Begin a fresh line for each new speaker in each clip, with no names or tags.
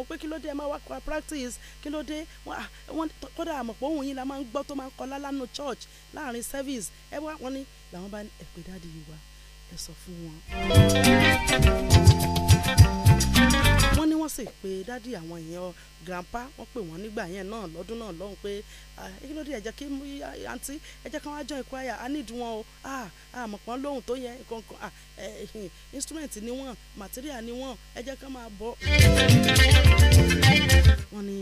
wọn pé kí ló dé ẹ máa wá kọ practice kí ló dé wọn kódà àmọ̀ pé òun yín la máa ń gbọ́ tó máa ń kọ lálánú church láàrin service ẹ wá wọn ni làwọn bá ẹ pè dáàdi yìí wá ẹ sọ fún wọn wọ́n sì pe dádì àwọn èèyàn grandpa wọ́n pè wọ́n nígbà yẹn náà lọ́dún náà lọ́hùn pé kí ló dé ẹ jẹ́ kí àǹtí ẹ jẹ́ káwọn àjọ ìkọ́ àyà á nídìí wọn o àmọ̀pọ̀n lóhùn tó yẹ nǹkan instrument ni wọ́n material ni wọ́n ẹ jẹ́ ká máa bọ̀. wọ́n ní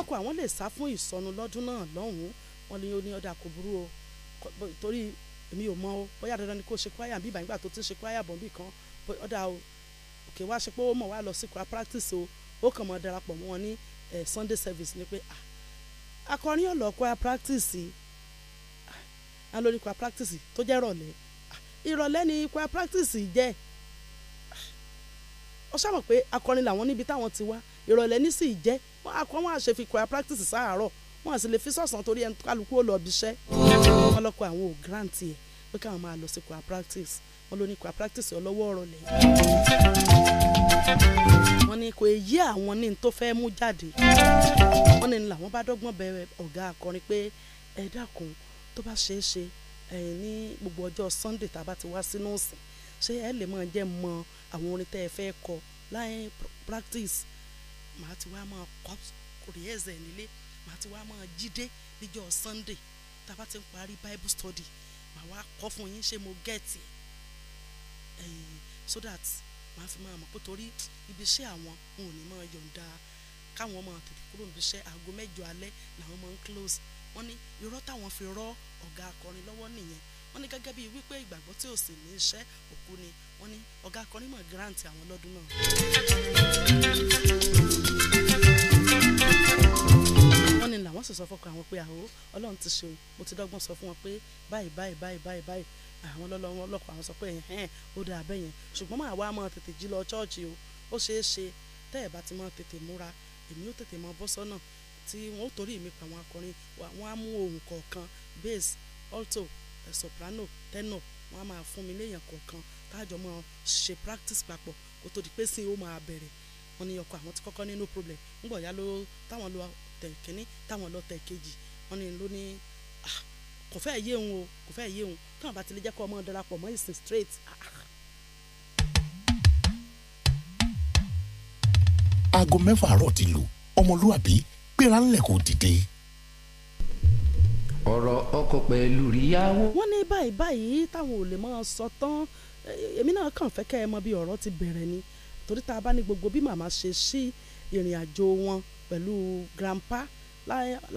ọkọ̀ àwọn lè sá fún ìsọnù lọ́dún náà lọ́hùn wọ́n ní ó ní ọ̀dà kò burú o torí èmi ò mọ o bóyá dandan ni kò ṣe kwaya bí ìbànújẹ́ tó ti ṣe kwaya bọ̀ bí kan ọ̀dà o kì í wá ṣe pé ó mọ̀ wá lọ sí kura practice o ó kàn mọ́ darapọ̀ mọ́ wọn ní Sunday service ni pé ah, akọrin ọ̀lọ́ kura practice ah, a lórí kura practice tó jẹ́ ìrọ̀lẹ́ ah, ìrọ̀lẹ́ ni kura practice jẹ́ ó ṣàmọ̀ pé akọrin làwọn níbi táwọn ti wá ìrọ̀lẹ́ ní sì jẹ́ wọn akọ wọn àṣẹ fi kura practice sáàárọ̀ wọn àti lè fi sọ̀sán torí ẹni kálukú ó lọ bí iṣẹ́ wọn lọ́kọ̀ àwọn ò grant yẹ pé káwọn máa lọ sí kura practice olóníkò practice ọlọ́wọ́ ọ̀rọ̀ lẹ́yìn wọ́n ní kò e yí àwọn ní tó fẹ́ mú jáde wọ́n ní làwọn bá dọ́gbọ́n bẹ ọ̀gá akọrin pé ẹ dákun tó bá ṣeé ṣe ní gbogbo ọjọ́ Sunday tá a bá ti wá sínú ọ̀sìn ṣé ẹ lè máa jẹ́ mọ àwọn orin tẹ́ ẹ fẹ́ kọ láì practice màá ti wá máa kọ́ kòrìẹ́zẹ̀ nílé màá ti wá máa jíde níjọ́ Sunday tá a bá ti ń parí Bible study màá wá kọ́ fún yín ṣé mo gẹ̀ẹ́tì ẹ̀ so that màá fi máa mọ̀ pé torí ibi iṣẹ́ àwọn ò ní máa yọ̀ǹda káwọn máa tètè kúrò níbi iṣẹ́ aago mẹ́jọ alẹ́ làwọn máa ń close wọ́n ní irọ́ táwọn fi rọ́ ọ̀gá akọrin lọ́wọ́ nìyẹn wọ́n ní gẹ́gẹ́ bíi wípé ìgbàgbọ́ tí ò sì ní iṣẹ́ òkú ni wọ́n ní ọ̀gá akọrin mọ̀ grant àwọn lọ́dún náà. wọ́n ní làwọn sì sọ fọ́kàn àwọn pé àhó ọlọ́run ti ṣe mo ti dọ́gbọ́n sọ fún wọn pé báyìí báyìí báyìí báyìí àwọn ọlọ́wọ́ ọlọ́kọ̀ àwọn sọ pé ẹ̀hẹ́n ó dáa bẹ́ẹ̀ yẹn ṣùgbọ́n máa wá máa tètè jí lọ chọ́ọ̀chì o ó ṣeé ṣe tẹ́ ẹ̀ bá ti máa tètè múra èmi ó tètè máa bọ́ sọ́nà tí wọ́n ó torí mi pa àwọn akọrin wọ́n á mú ohun kọ̀ọ̀kan bass alto eh, soprano tenor wọ́n á máa fún mi léèyàn kọ̀ọ̀kan táàjọ máa ṣe practice papọ̀ kó tó di pé sí ó máa bẹ̀rẹ̀ wọ́n ní ọkọ àwọn tí kọ́kọ́ ní no problem ńgbọ̀ ya ló táwọn lọ tẹ̀ kínní táwọn lọ tẹ̀ kejì wọ́n ní ló ní ah kò fẹ́ yé òun o kò fẹ́ yé òun tí wọn bá ti lè jẹ́ kó ọmọ darapọ̀ mọ́ ìsìn straight. Ah, ah.
aago mẹ́fà àárọ̀ ti lù
ọmọlúwàbí gbéra ńlẹ̀ kò dìde.
ọ̀rọ̀ ọkọ pẹ̀lú ríyàwó.
wọ́n ní báyìí báyìí táwọn ò lè máa sọ tán èmi náà kàn fẹ́ kẹ́ ẹ mọ bí ọ̀rọ̀ ti bẹ̀rẹ̀ ni torí tá a bá ní gbogbo bí màmá ṣe ṣí ìrìn àjò wọn pẹ̀lú grandpa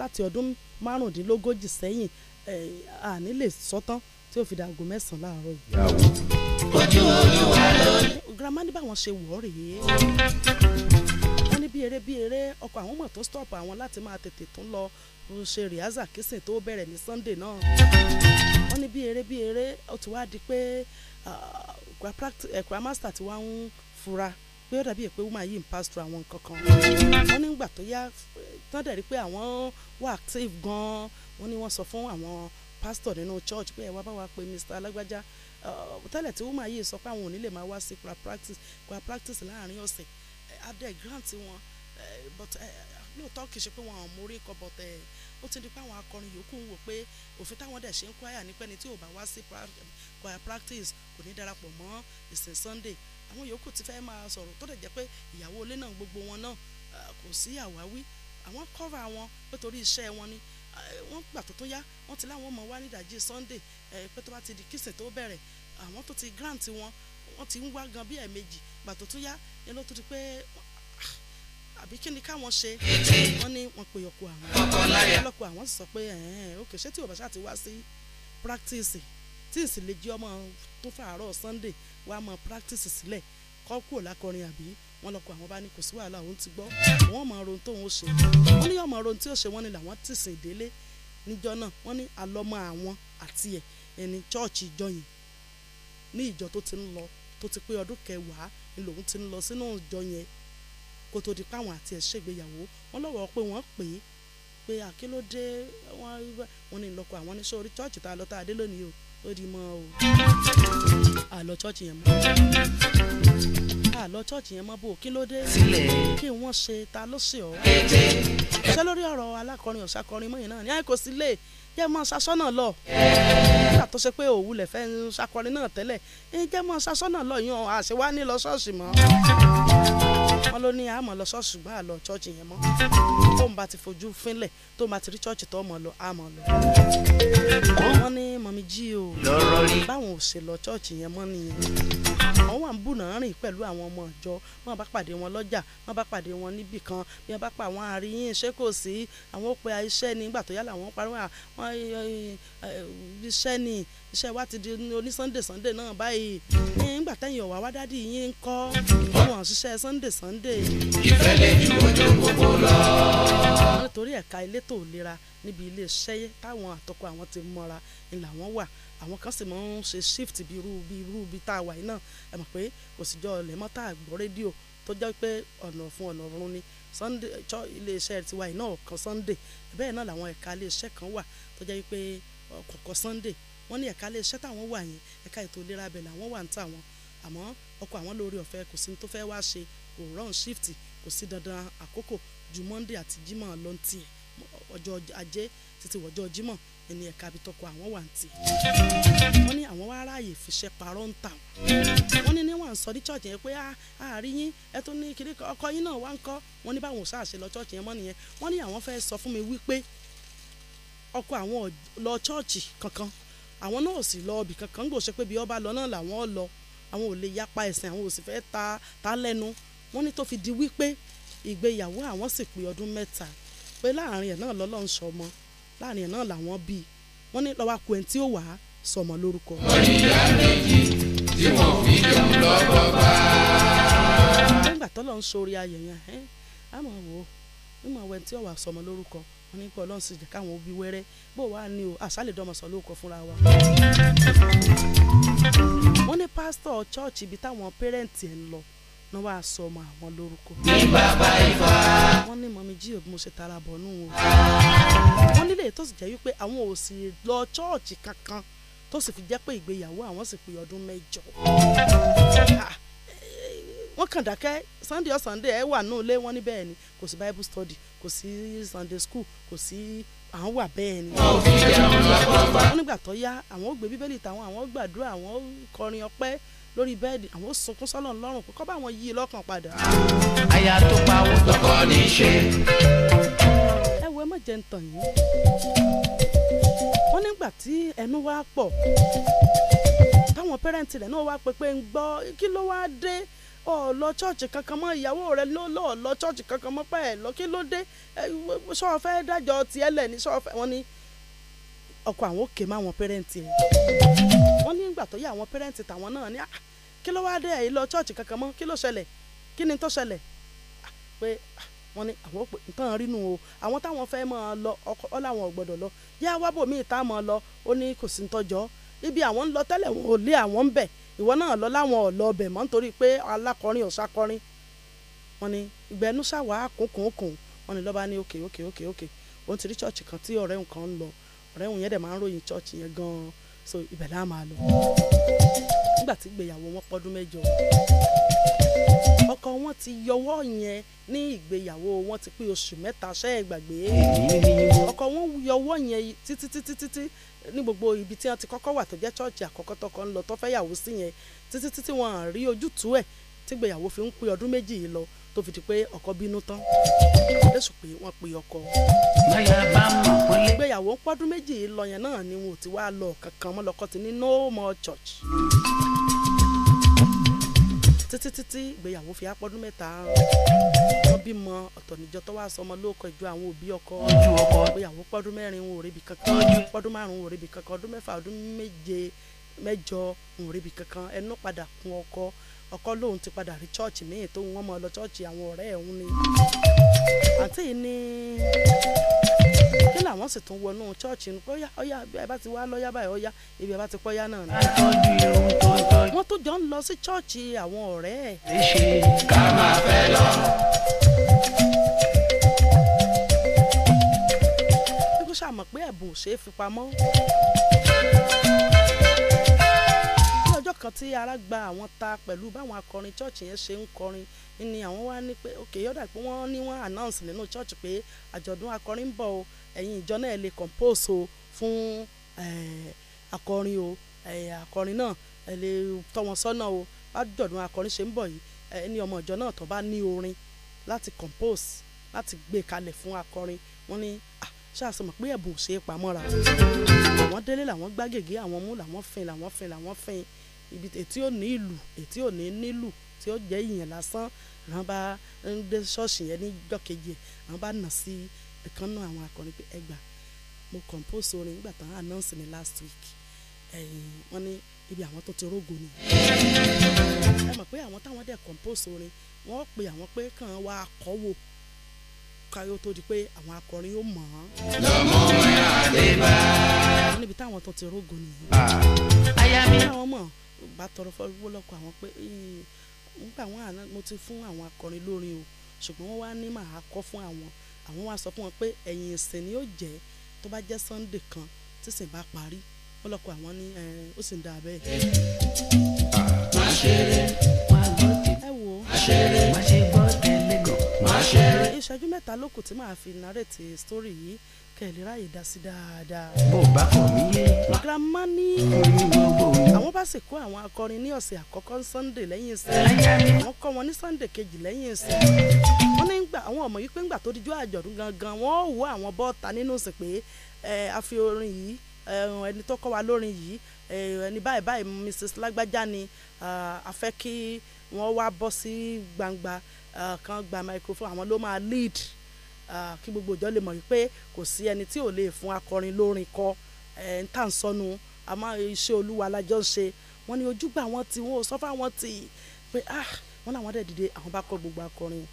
láti ọdún márùndínlógójì sẹ́yìn Eh, àní lè sọ́tán tí ó fi dàgò mẹ́sàn-án láàárọ̀ yìí. ojú olúwa ló. girama ní báwọn ṣe wọ̀ ọ́ rèé wọ́n ní bí eré bí eré ọkọ̀ àwọn mọ̀ tó stop àwọn láti máa tètè tún lọ ṣe rìhásà kìsìn tó bẹ̀rẹ̀ ní Sunday náà wọ́n ní bí eré bí eré ó ti wá di pé ẹ̀kọ́ eh, master ti wá ń fura pé ó dàbí pé woman yìí ń pass through àwọn nǹkan kan wọ́n nígbà tó yá tán dẹ̀ rí pé àwọn wà active gan-an wọ́n ní wọ́n sọ fún àwọn pásítọ̀ nínú church pé ẹ wá bá wa pé mr alágbájá tẹ́lẹ̀ tí wọ́n máa sọ pé àwọn ò ní lè máa wá sí choir practice choir practice láàrin ọ̀sẹ̀ adé grant wọn but lóòótọ́ kì ṣe pé wọn ò mórí kọ but ó ti di pé àwọn akọrin yòókù ń wò pé òfin táwọn dẹ̀ ṣe ń choir ní pẹ́ni tí ò bá wá sí choir practice kò ní darapọ̀ mọ́ ìsìn sunday àwọn yòókù ti fẹ́ máa sọ̀rọ̀ tó dẹ̀ jẹ́ pé ìyàwó ilé náà gbogbo wọn náà kò sí àwáwí àwọn cover wọn nítorí iṣẹ́ wọn ni wọ́n gbà tó tó yá wọ́n ti láwọn ọmọ wa nídàjí Sunday pé tó bá ti di kíṣìn tó bẹ̀rẹ̀ àwọn tó ti grant wọn wọ́n ti ń wá gan bí ẹ̀ẹ̀mejì gbà tó tó yá ẹ ló tó di pé ah, àbí kí ni káwọn ṣe wọ́n ní wọ́n pe ọkọ àwọn ọlọ́kọ àwọn sì sọ pé òkè ṣé tí o ṣáà ti wá sí practice tí ìsìlẹ̀ jí ọmọ tó fàárọ̀ Sunday wàá mọ practice sílẹ̀ kọ́ kúrò lákọrin àbí wọ́n lọ́kọ̀ àwọn bá ní kò sí wàhálà òun ti gbọ́ wọ́n mọ̀ ohun tóun ó ṣe wọ́n ní ọmọ ohun tí ó ṣe wọ́n ní làwọn ti sìn délé níjọ́ náà wọ́n ní alọ́mọ àwọn àti ẹ̀ ẹni chọ́ọ̀chì ìjọ yẹn ní ìjọ tó ti ń lọ tó ti pé ọdún kẹwàá ni lòun ti ń lọ sínú ìjọ yẹn kó tó di pé àwọn àti ẹ̀ ṣègbéyàwó wọ́n lọ́wọ́ pé wọ́n pè é pé àkílódé wọ́n ní ìlọ́kọ̀ àwọn oníṣẹ́ orí chọ́ọ̀chì tá a lọ tá a dé lónìí o ó di mọ́ o àlọ́ chọ́ọ̀chì yẹn mọ́ a lọ chọ́ọ̀chì yẹn mọ́ bò kí ló dé kí wọ́n ṣe ta ló ṣe ọ́ ṣé lórí ọ̀rọ̀ alákọrin ọ̀ṣàkọrin mọ́yìn náà ní àìkò sílé jẹ́ mọ́ sasọ́nà lọ nígbà tó ṣe pé òwú lẹ̀ fẹ́ ṣàkọrin náà tẹ́lẹ̀ jẹ́ mọ́ sasọ́nà lọ yan àṣewá ní lọ mọ́ wọ́n ló ní àmọ́ lọ ṣọ́ọ̀ṣì gbà lọ ṣọ́ọ̀ṣì yẹn mọ́ tóun bá ti fojú fínlẹ̀ tóun bá ti rí ṣọ́ọ̀ṣì tó mọ̀ lọ àmọ́ lọ. wọ́n ní mọ̀mí jí o báwọn ò ṣe lọ ṣọ́ọ̀ṣì yẹn mọ́ nìyẹn àwọn wà ń bùnà rìn pẹ̀lú àwọn ọmọ ìjọ wọn bá pàdé wọn lọ́jà wọn bá pàdé wọn níbì kan bí wọn bá pa àwọn àríyìn ṣé kò sí àwọn òpè iṣẹ́ nígbà tó yálà wọn parí wọn iṣẹ́ ni iṣẹ́ wa ti di oní sunday sunday náà báyìí nígbà tẹ̀yìn ọ̀wá wá dádì yín ń kọ́ wọn ṣiṣẹ́ sunday sunday. Sunday. ìfẹ́ lè ju ojú gbogbo lọ. nítorí ẹ̀ka elétò ìlera níbi iléeṣẹ́ táwọn àtọkọ àwọn ti mọ́ra ni làwọn wà àwọn kan sì máa ń ṣe shift bí irú bí irú bí tá a wà yìí náà ẹ mọ̀ pé kò sì jọ ọ̀lẹ́ mọ́tà àgbọ̀ rédíò tó jẹ́ pé ọ̀nà fún ọ̀nà ọ̀run ni Sunday iléeṣẹ́ tiwa yìí náà kan Sunday bẹ́ẹ̀ náà làwọn ẹ̀ka iléeṣẹ́ kan wà tó jẹ́ pé kọ̀ọ̀kan Sunday wọ́n ní ẹ̀ka iléeṣẹ́ táwọn wà yẹn ẹ̀ka ètò ìlera abẹ làwọn wà ń tà wọn àmọ́ ọkọ̀ àwọn lórí ọ̀fẹ́ kò sí ní tó fẹ́ wá ṣe kò rán shift kò sí dandan àkókò ju monday àti jímọ̀ lọ ń tiẹ̀ ọjọ́ ajé títí wọ́jọ́ jímọ̀ ẹni ẹ̀ka abitọ́kọ àwọn wà ń tiẹ̀. wọ́n ní àwọn wá ráàyè fiṣẹ́ parọ́ ń tà wọ́n. wọ́n ní níwọ̀n sọ ní church yẹn pé àárín ah, yín ẹ tó ní kiri ọkọ yín náà wá ń kọ́ wọ́n ní báwọn ò sáà ṣe lọ church yẹn mọ́ nìyẹn wọ́n ní àwọn fẹ́ sọ fún mi wípé ọkọ àwọn lọ church kankan àwọn náà sì lọ ibì kankan gbòòṣe pé bí ọba lọ náà làwọn lọ àwọn ò lè yapa ẹ̀sìn àwọn ò sì fẹ́ ta ta lẹ́nu wọ́n ní tó fi di wípé ìgbéyàwó àwọn sì pé ọdún mẹ́ta pé láàrin ẹ̀ náà lọ́lọ́run sọmọ láàrin ẹ̀ náà làwọn bí wọ́n ní lọ́wọ́ akọ ẹ̀ tí ó wà á sọmọ lórúkọ. oríyá méjì tí wọn fi jẹun lọ́wọ́ bá. nígbà tó lọ́n sórí ayẹ̀ yẹn ẹ́ á mọ̀ wò ó nímọ̀ wẹ̀ tí ó wà á sọmọ lórúkọ wọn ní pé ọlọ́run sì jẹ́ káwọn òbí wẹ́rẹ́ bó wàá ní o àṣàlẹ̀dọ́mọ sọ lórúkọ fúnra wa. wọ́n ní pásítọ̀ chọ́ọ̀chì ibi táwọn pẹ́rẹ́ǹtì ẹ̀ ń wọ́n wá sọ ọmọ àwọn lórúkọ. wọ́n ní mọ̀mí jí òbí mo ṣe tara bọ̀ nù o. wọ́n nílé tó sì jẹ́ wípé àwọn ò sì lọ chọ́ọ̀chì kankan tó sì fi jẹ́ pé ìgbéyàwó àwọn sì pé ọdún mẹ́jọ. Ah, wọ́n kàn dákẹ́ sunday or sunday ẹ wà náà lé wọ́n ní ni kò sí bible study kò sí sunday school kò sí àwọn wà bẹ́ẹ̀ ni. wọ́n nígbà tó yá àwọn ó gbé bíbélì tàwọn àwọn ó gbàdúrà àwọn ó kọrin ọpẹ́ lórí bẹ́ẹ̀dì àwọn sunkún sọ́nà lọ́rùn pé kọ́ bá wọn yí i lọ́kàn padà. àyà tó pa owó tọkọ ní í ṣe. ẹ wo ẹ má jẹ ń tàn yín wọ́n nígbà tí ẹnu wá pọ̀ táwọn pẹ́rẹ́ǹtì rẹ̀ náà wá pé pé ń gbọ́ kí ló wá dé ọ̀ọ́lọ́ chọ́ọ̀chì kankan mọ́ ìyàwó rẹ̀ ló lọ́ọ̀lọ́ chọ́ọ̀chì kankan mọ́ pẹ́ẹ́ lọ kí ló dé sọ́ọ̀fẹ́ dájọ́ tiẹ̀ lẹ̀ ní sọ́ọ̀fẹ́ wọn ni. So ọkọ àwọn òkè má àwọn pẹ́rẹ́ǹtì ẹ̀ wọ́n ní ìgbà tó yá àwọn pẹ́rẹ́ǹtì tàwọn náà ní ah, kí ló wáá dé ẹ̀ lọ chọ́ọ̀chì kankan mọ́ kí ló ṣẹlẹ̀ kí ni tó ṣẹlẹ̀ ah, pé ah, wọ́n ní àwọn òpè nǹkan rínú o àwọn táwọn fẹ́ máa lọ ọkọ láwọn ò gbọ́dọ̀ lọ yá wábò míì tá a máa lọ ó ní kò sí tọ́jọ́ ibi àwọn ń lọ tẹ́lẹ̀ wọn ò lé àwọn ń bẹ̀ ìwọ náà lọ láwọn ò lọ bẹ̀ mọ́ nítorí pé alákọrin ọ̀sákọrin wọ́n ní ìgbẹ́nu ṣàwá kúnkùnkùn wọ́n ní lọ́ba ní òkè òkè òkè òkè òun ti rí ṣọ́ọ̀ṣì kan tí ọ̀rẹ́ nǹkan ń lọ ọ̀rẹ́ òun yẹn dẹ̀ máa ń ròyìn church yẹn gan-an so ibẹ̀ láà máa lọ. nígbà tí ìgbéyàwó wọn pọ́dún mẹ́jọ ọkọ wọn ti yọwọ́ yẹn ní ìgbéyàwó wọn ti pé oṣù mẹ́ta ṣe é gbàgbé ọkọ wọn yọwọ́ yẹn títí títí títí ní gbogbo ibi tí wọn ti kọ́kọ́ wà tó jẹ́ chọ́ọ̀chì àkọ́kọ́ tọkọ ń tó fẹ́ yàwó sí yẹn títí títí wọn à ojútùú ẹ̀ tígbéyàwó fi ń pé ọdún méjì yìí lọ tó fi di pé ọkọ bínú tán lẹ́sùn pé wọ́n pe ọkọ. ìgbéyàwó ń pọ́dún méjì lọ náà ni wọn ò ti wá lọ kankan mọ́ lọ́kọ́ ti ní no more church. títí títí ìgbéyàwó fi apọ́dún mẹ́ta wọ́n bímọ ọ̀tọ̀ níjọ tó wá sọmọ lóòkọ ìjọ àwọn òbí ọkọ ìgbéyàwó pọ́dún mẹ́rin wọn ò ríbi kankan pọ́dún márùn-ún wọn ò ríbi kankan ọdún mẹ́fà ọdún méje mẹ́jọ wọn ò ríbi kankan ẹnu padà kún ọkọ ọkọ lòun ti padà rí chọ́ọ̀chì míì tó wọ́n mọ́ lọ chọ́ọ̀chì àwọn ọ̀rẹ́ ẹ̀ ni àǹtí ní kí làwọn sì tún wọnú chọ́ọ̀chì ní ọ̀yá ọ̀yá ẹ bá ti wá lọ́yà báyìí ọ̀yá ibi ẹ bá ti pọ́yà náà ni. wọ́n tó jọ ń lọ sí chọ́ọ̀chì àwọn ọ̀rẹ́
ẹ̀. ṣe ká
ṣàmọ̀ pé ẹ̀bùn ò ṣeé fi pamọ́ nǹkan tí ara gba àwọn ta pẹ̀lú báwọn akọrin church yẹn ṣe ń kọrin ni àwọn wá ní pé ok yọ̀dà pé wọ́n ní wọ́n announce nínú church pé àjọ̀dún akọrin ń bọ̀ o ẹ̀yin ìjọ náà lè compose o fún akọrin o akọrin náà lè tọ́ wọn sọ́nà o àjọ̀dún akọrin ṣe ń bọ̀ yìí ẹni ọmọ ìjọ náà tó bá ní orin láti compose láti gbé kalẹ̀ fún akọrin wọ́n ní ah, ṣáàṣì pé ẹ̀bùn ò ṣe é pamọ́ra àwọn délé làwọn gbá àwọn mú làwọn fin làwọn fin làwọn fin ibi tí ò ní ìlú tí ò ní nílù tí ó jẹ́ ìyẹn lásán àwọn bá ń dé ṣọ́ọ̀ṣì yẹn ní jọ́kejì ẹ̀ bá nà sí ẹ̀kan náà àwọn akọrin pé ẹ gbà mo compose orin nígbà tán announce ni last week ẹ̀yìn wọ́n ní ibi àwọn tó ti rógo ni. ẹ mọ̀ pé àwọn táwọn dẹ̀ compose orin wọ́n pe àwọn pé kàn wá akọ́wò kárí ó tó di pé àwọn akọrin yóò mọ̀ ọ́n. lọ́mọ ẹ̀ àdébá. wọ́n níbi táwọn tó ti rógo ni. àyà ah. mi bá tọrọ fọwọ́ lọ́kọ àwọn pé nígbà wọn àná mo ti fún àwọn akọrin lórin o ṣùgbọ́n wọ́n wá ní màá kọ́ fún àwọn àwọn wá sọ fún wọn pé ẹ̀yìn ìsìn ni ó jẹ́ tó bá jẹ́ Sunday kan tí sìn bá parí wọ́n lọ́kọ àwọn ní ó sì ń dà bẹ́ẹ̀. ẹ wò ìṣẹ́jú mẹ́ta ló kù tí màá fi nárètì sítórì yìí kẹ̀lé ráyè dá sí dáadáa. bó bá kàn mí yé. girama ní àwọn bá sì kó àwọn akọrin ní ọ̀sẹ̀ àkọ́kọ́ sunday lẹ́yìn sí àwọn kọ́ wọn ní sunday kejì lẹ́yìn sí wọ́n ní gbà àwọn ọmọ yìí pé ńgbà tó dijú àjọ̀dún gangan wọ́n wọ àwọn bọ́ọ̀ta nínú sí pé a fi orin yìí ẹni tó kọ́ wa lórin yìí ẹni báyìí báyìí mrs lágbájá ni a fẹ́ kí wọ́n wá bọ́ sí gbangba. Eh, kan gba microphone àwọn ló máa lead eh, kí gbogbo ìjọ lè mọ̀ wípé kò sí ẹni tí ò lè fún akọrin lórin kọ eh, ń tàn sọnù àmọ́ iṣẹ́ olúwa lájọ́ ṣe wọ́n ní ojúgbà wọn ti wọn ò sọ fáwọn tì pé ah! wọ́n làwọn dẹ̀ dìde àwọn bá kọ gbogbo akọrin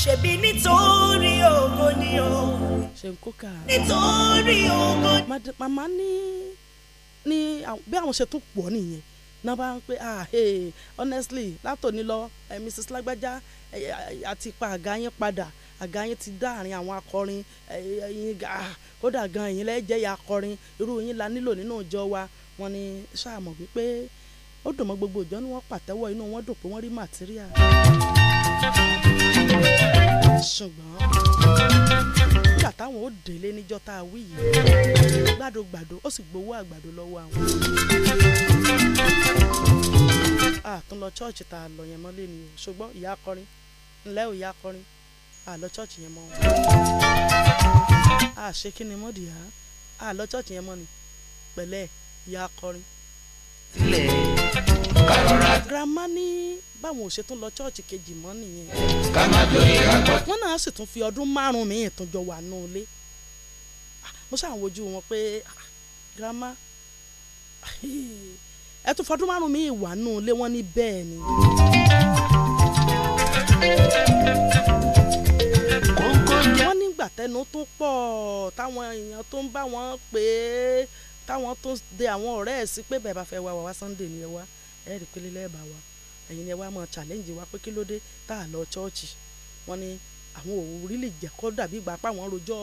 ṣebí nítorí ògo ni o. ṣe n kóka. nítorí ògo. màmá ní ní bí àwọn ṣe tún pọ̀ nìyẹn náà bá ń pè ah hey, honestly látòní lọ eh, Mrs. lágbájá àti pa àga yín padà àga yín ti dá àárín àwọn akọrin ẹyin kódà gan ẹ̀yin lẹ́jẹ̀ ya akọrin irú yín la nílò nínú ìjọ wa wọ́n ní ṣáà mọ̀ wípé ó dùn mọ́ gbogbo ìjọ ni wọ́n pàtẹ́wọ́ inú wọn dùn pé wọ́n rí màtíríà. ṣùgbọ́n nígbà táwọn ó délé níjọ́ tá a wí yìí gbàdógbàdó ó sì gbowó àgbàdo lọ́wọ́ àwọn àtún lọ chọ́ọ̀chì tá a lọ yẹn mọ́ lẹ́nu o ṣùgbọ́n ìyá akọrin ńlẹ́ ò ìyá akọrin à lọ chọ́ọ̀chì yẹn mọ́ o à ṣe kí ni mọ́dì yá à lọ chọ́ọ̀chì yẹn mọ́ ni pẹ̀lẹ́ ìyá akọrin. grandma ní báwọn ò ṣe tún lọ chọ́ọ̀chì kejì mọ́ nìyẹn. wọ́n náà sì tún fi ọdún márùn-ún mi ìtúnjọ wà nù ilé ah, mo ṣàwọn ojú wọn pé ah, grandma ẹ tún fọdún márùn mi ìwà nù lé wọn ní bẹ́ẹ̀ ni. wọ́n nígbà tẹnu tó pọ̀ táwọn èèyàn tó ń bá wọn pé táwọn tó de àwọn ọ̀rẹ́ ẹ̀ sí pé bẹ́ẹ̀ fẹ́ wá wá Sunday ni ẹ wá ẹ rí pé lílẹ̀ bá ẹ̀yin ni ẹ wá máa challenge wa pé kí ló dé tá a lọ chọ́ọ̀chì wọ́n ní àwọn òwúrí lè jẹ́ kọ́ dàbí ìgbà pa àwọn rojọ́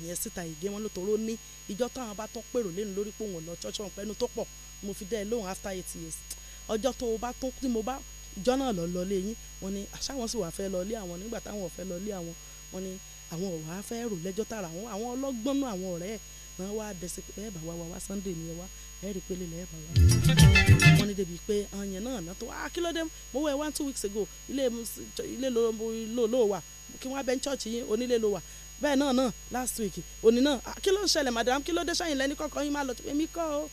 ìyẹn síta ìgé wọn lótoró ní ìjọ táwọn bá tọ́ pèrò lẹ́nu lórí pòun lọ chọ́ọ̀chì wọn pẹ́nu tó pọ̀ mo fi dẹ́ ẹ lóhùn after eight years ọjọ́ tó o bá tó tí mo bá ìjọ náà lọ lọlé yín wọn ni àṣàwọn sì wà fẹ́ lọlé àwọn nígbà táwọn ò fẹ́ lọlé àwọn wọn ni àwọn ò wá fẹ́ rò lẹ́jọ́ tààrà àwọn àwọn ọlọ́gbọ́n náà àwọn ọ̀rẹ́ ẹ̀ wọn wá dẹsẹ pé ẹ bá wa wá wá Sunday ni ẹ wá ẹ rí pé lélẹ̀ ẹ bá wa. wọn ní débi pé ọyàn náà náà tó wá ah, kí ló dé mo wẹ one two weeks ago ilé ilé ló ló wà kí wọn bẹ church yín onílé ló wà bẹ́ẹ̀ náà náà last week òní náà ah, kí ló ń ṣẹlẹ̀ madam kí ló dé sẹ́yìn lẹ́ni kọ́kọ́ yín má lọ èmi kọ́ o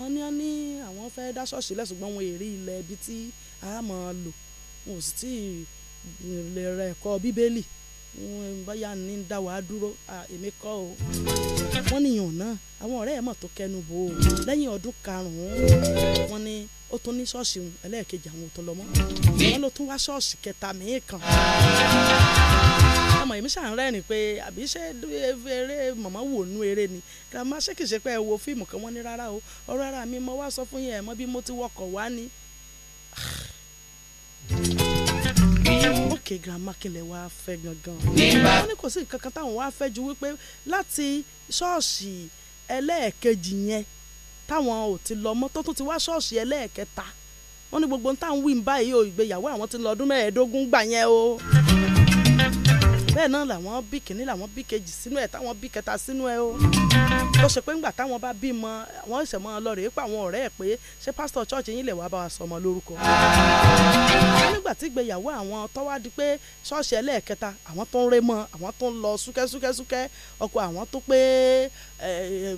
wọ́n ní wọ́n ní àwọn fẹ́ dá ṣọ́ọ̀ṣì lẹ̀ ṣùgbọ́n wọn èrè ilẹ̀ ibi tí a máa lò wọn ò sì tí ì lè rẹ̀ ẹ̀kọ́ bíbélì wọn báyà ní dá wàá dúró èmi kọ́ o wọ́n níyàn náà àwọn ọ̀rẹ́ ẹ̀ mọ̀ tó kẹnu bò ó lẹ́yìn ọdún karùn-ún wọ́n ní ó tún ní ṣọ́ọ̀ṣì ẹlẹ́ẹ̀kejì àwọn ò tó lọ mọ́ wọ́n ló tún wá ṣọ́ọ̀ṣì kẹta mìíràn àmọ́ èmi ṣàn rẹ́rìn pé àbí ṣé eré mọ̀mọ́ wò nú eré ni grandma ṣé kìí ṣe pé ẹ wo fíìmù kan wọ́n ní rárá o ọ̀rọ̀ ara mi mo wá sọ fún yẹn mọ́ bí mo ti wọkọ̀ wá ni. òkè grandma kílẹ̀ wá fẹ́ gangan wọ́n ní kò sí nǹkan kan táwọn wá fẹ́ ju wípé láti ṣọ́ọ̀ṣì ẹlẹ́ẹ̀kejì yẹn táwọn ò ti lọ mọ́ tó tún ti wá ṣọ́ọ̀ṣì ẹlẹ́ẹ̀kẹta wọ́n ní gbogbo táwọn wí ń báyìí o ìgbéyàwó àwọn ti lọ ọdún mẹ́ẹ̀ẹ́dógún gbà yẹn o bẹ́ẹ̀ náà làwọn bí kìíní làwọn bí kejì sínú ẹ̀ táwọn bí kẹta sínú ẹ̀ o tó ṣe pé ńgbà táwọn bá bímọ àwọn ìṣẹ̀ mọ́ lọ rèé pa àwọn ọ̀rẹ́ ẹ̀ pé ṣé pásítọ̀ chọ́ọ̀chì yín lè wá bá wa sọ ọmọ lórúkọ. nígbà tí ìgbéyàwó àwọn tó wá di pé ṣọ́ọ̀ṣì ẹlẹ́ẹ̀kẹta àwọn tó ń ré mọ́ àwọn tó ń lọ súkẹ́súkẹ́súkẹ́ ọkọ̀ àwọn tó pé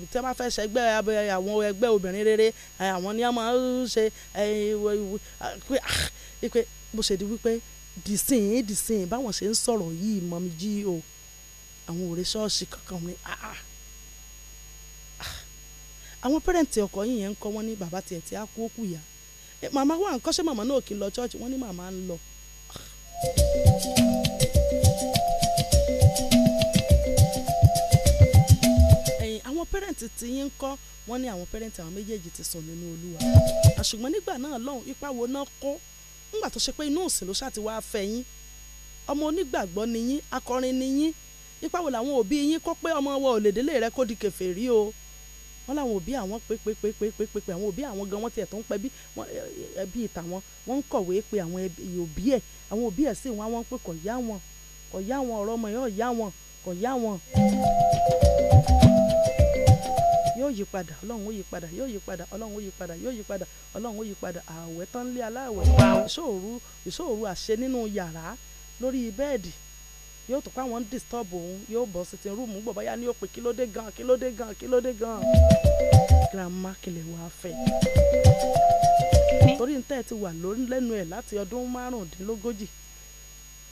tí wọ́n bá fẹ́ ṣẹgbẹ́ àwọn ẹgbẹ́ obìnrin rere àwọn ni wọ́n máa ń ṣe ìpè bó ṣe di wípé dìsìn dìsìn báwọn ṣe ń sọ̀rọ̀ yìí mọ̀mí jí o àwọn òré ṣọ́ọ̀ṣì kankan ní àá ah, ah. ah. àwọn pẹ́rẹ́ǹtì ọkọ yìí yẹn ń kọ́ wọ́n ní bàbá tiẹ̀ tí a kú ó kù yá eh, màmá wa nǹkan ṣé màmá náà kì í lọ ṣọ́ọ̀ṣì wọ́n ní màmá ń lọ. ẹ̀yìn àwọn pẹ́rẹ́ǹtì tí yín ń kọ́ wọ́n ní àwọn pẹ́rẹ́ǹtì àwọn méjèèjì ti sọ nínú Olúwa àṣùgbọ́n nígbà náà lọ́hùn ipa wo náà kó ńgbà tó ṣe pé inú òsìn ló ṣáàtì wá fẹ́ yín ọmọ onígbàgbọ́ ni yín akọrin ni yín ipa wo làwọn òbí yín kó pé ọmọ wọn ò lè délé rẹ kó di kèfèrí o wọn làwọn òbí àwọn pé pé pé pé pé pé pé àwọn òbí àwọn gan wọn tiẹ̀ tó ń pẹ́ bí ẹbí ìta wọn wọn ń kọ̀wé pé àwọn òbí ẹ̀ àwọn òbí ẹ̀ sì wọn àwọn pé kò yá wọn kò yá wọn ọ̀rọ̀ ọmọ yóò yá wọn kò yá wọn yóò yí padà ọlọ́run ó yí padà yóò yí padà ọlọ́run ó yí padà yóò yí padà ọlọ́run ó yí padà ààwẹ̀ tán lé aláàwẹ̀ ìṣòro ìṣòro àṣẹ nínú yàrá lórí bẹ́ẹ̀dì yóò tó káwọn ń disturb òun yóò bọ̀ sitting room gbọ̀ báyà ni yóò pè kí ló dé gan kí ló dé gan kí ló dé gan grandma kìlẹ̀ wá fẹ́ torí n tẹ́ ẹ ti wà lẹ́nu ẹ̀ láti ọdún márùndínlógójì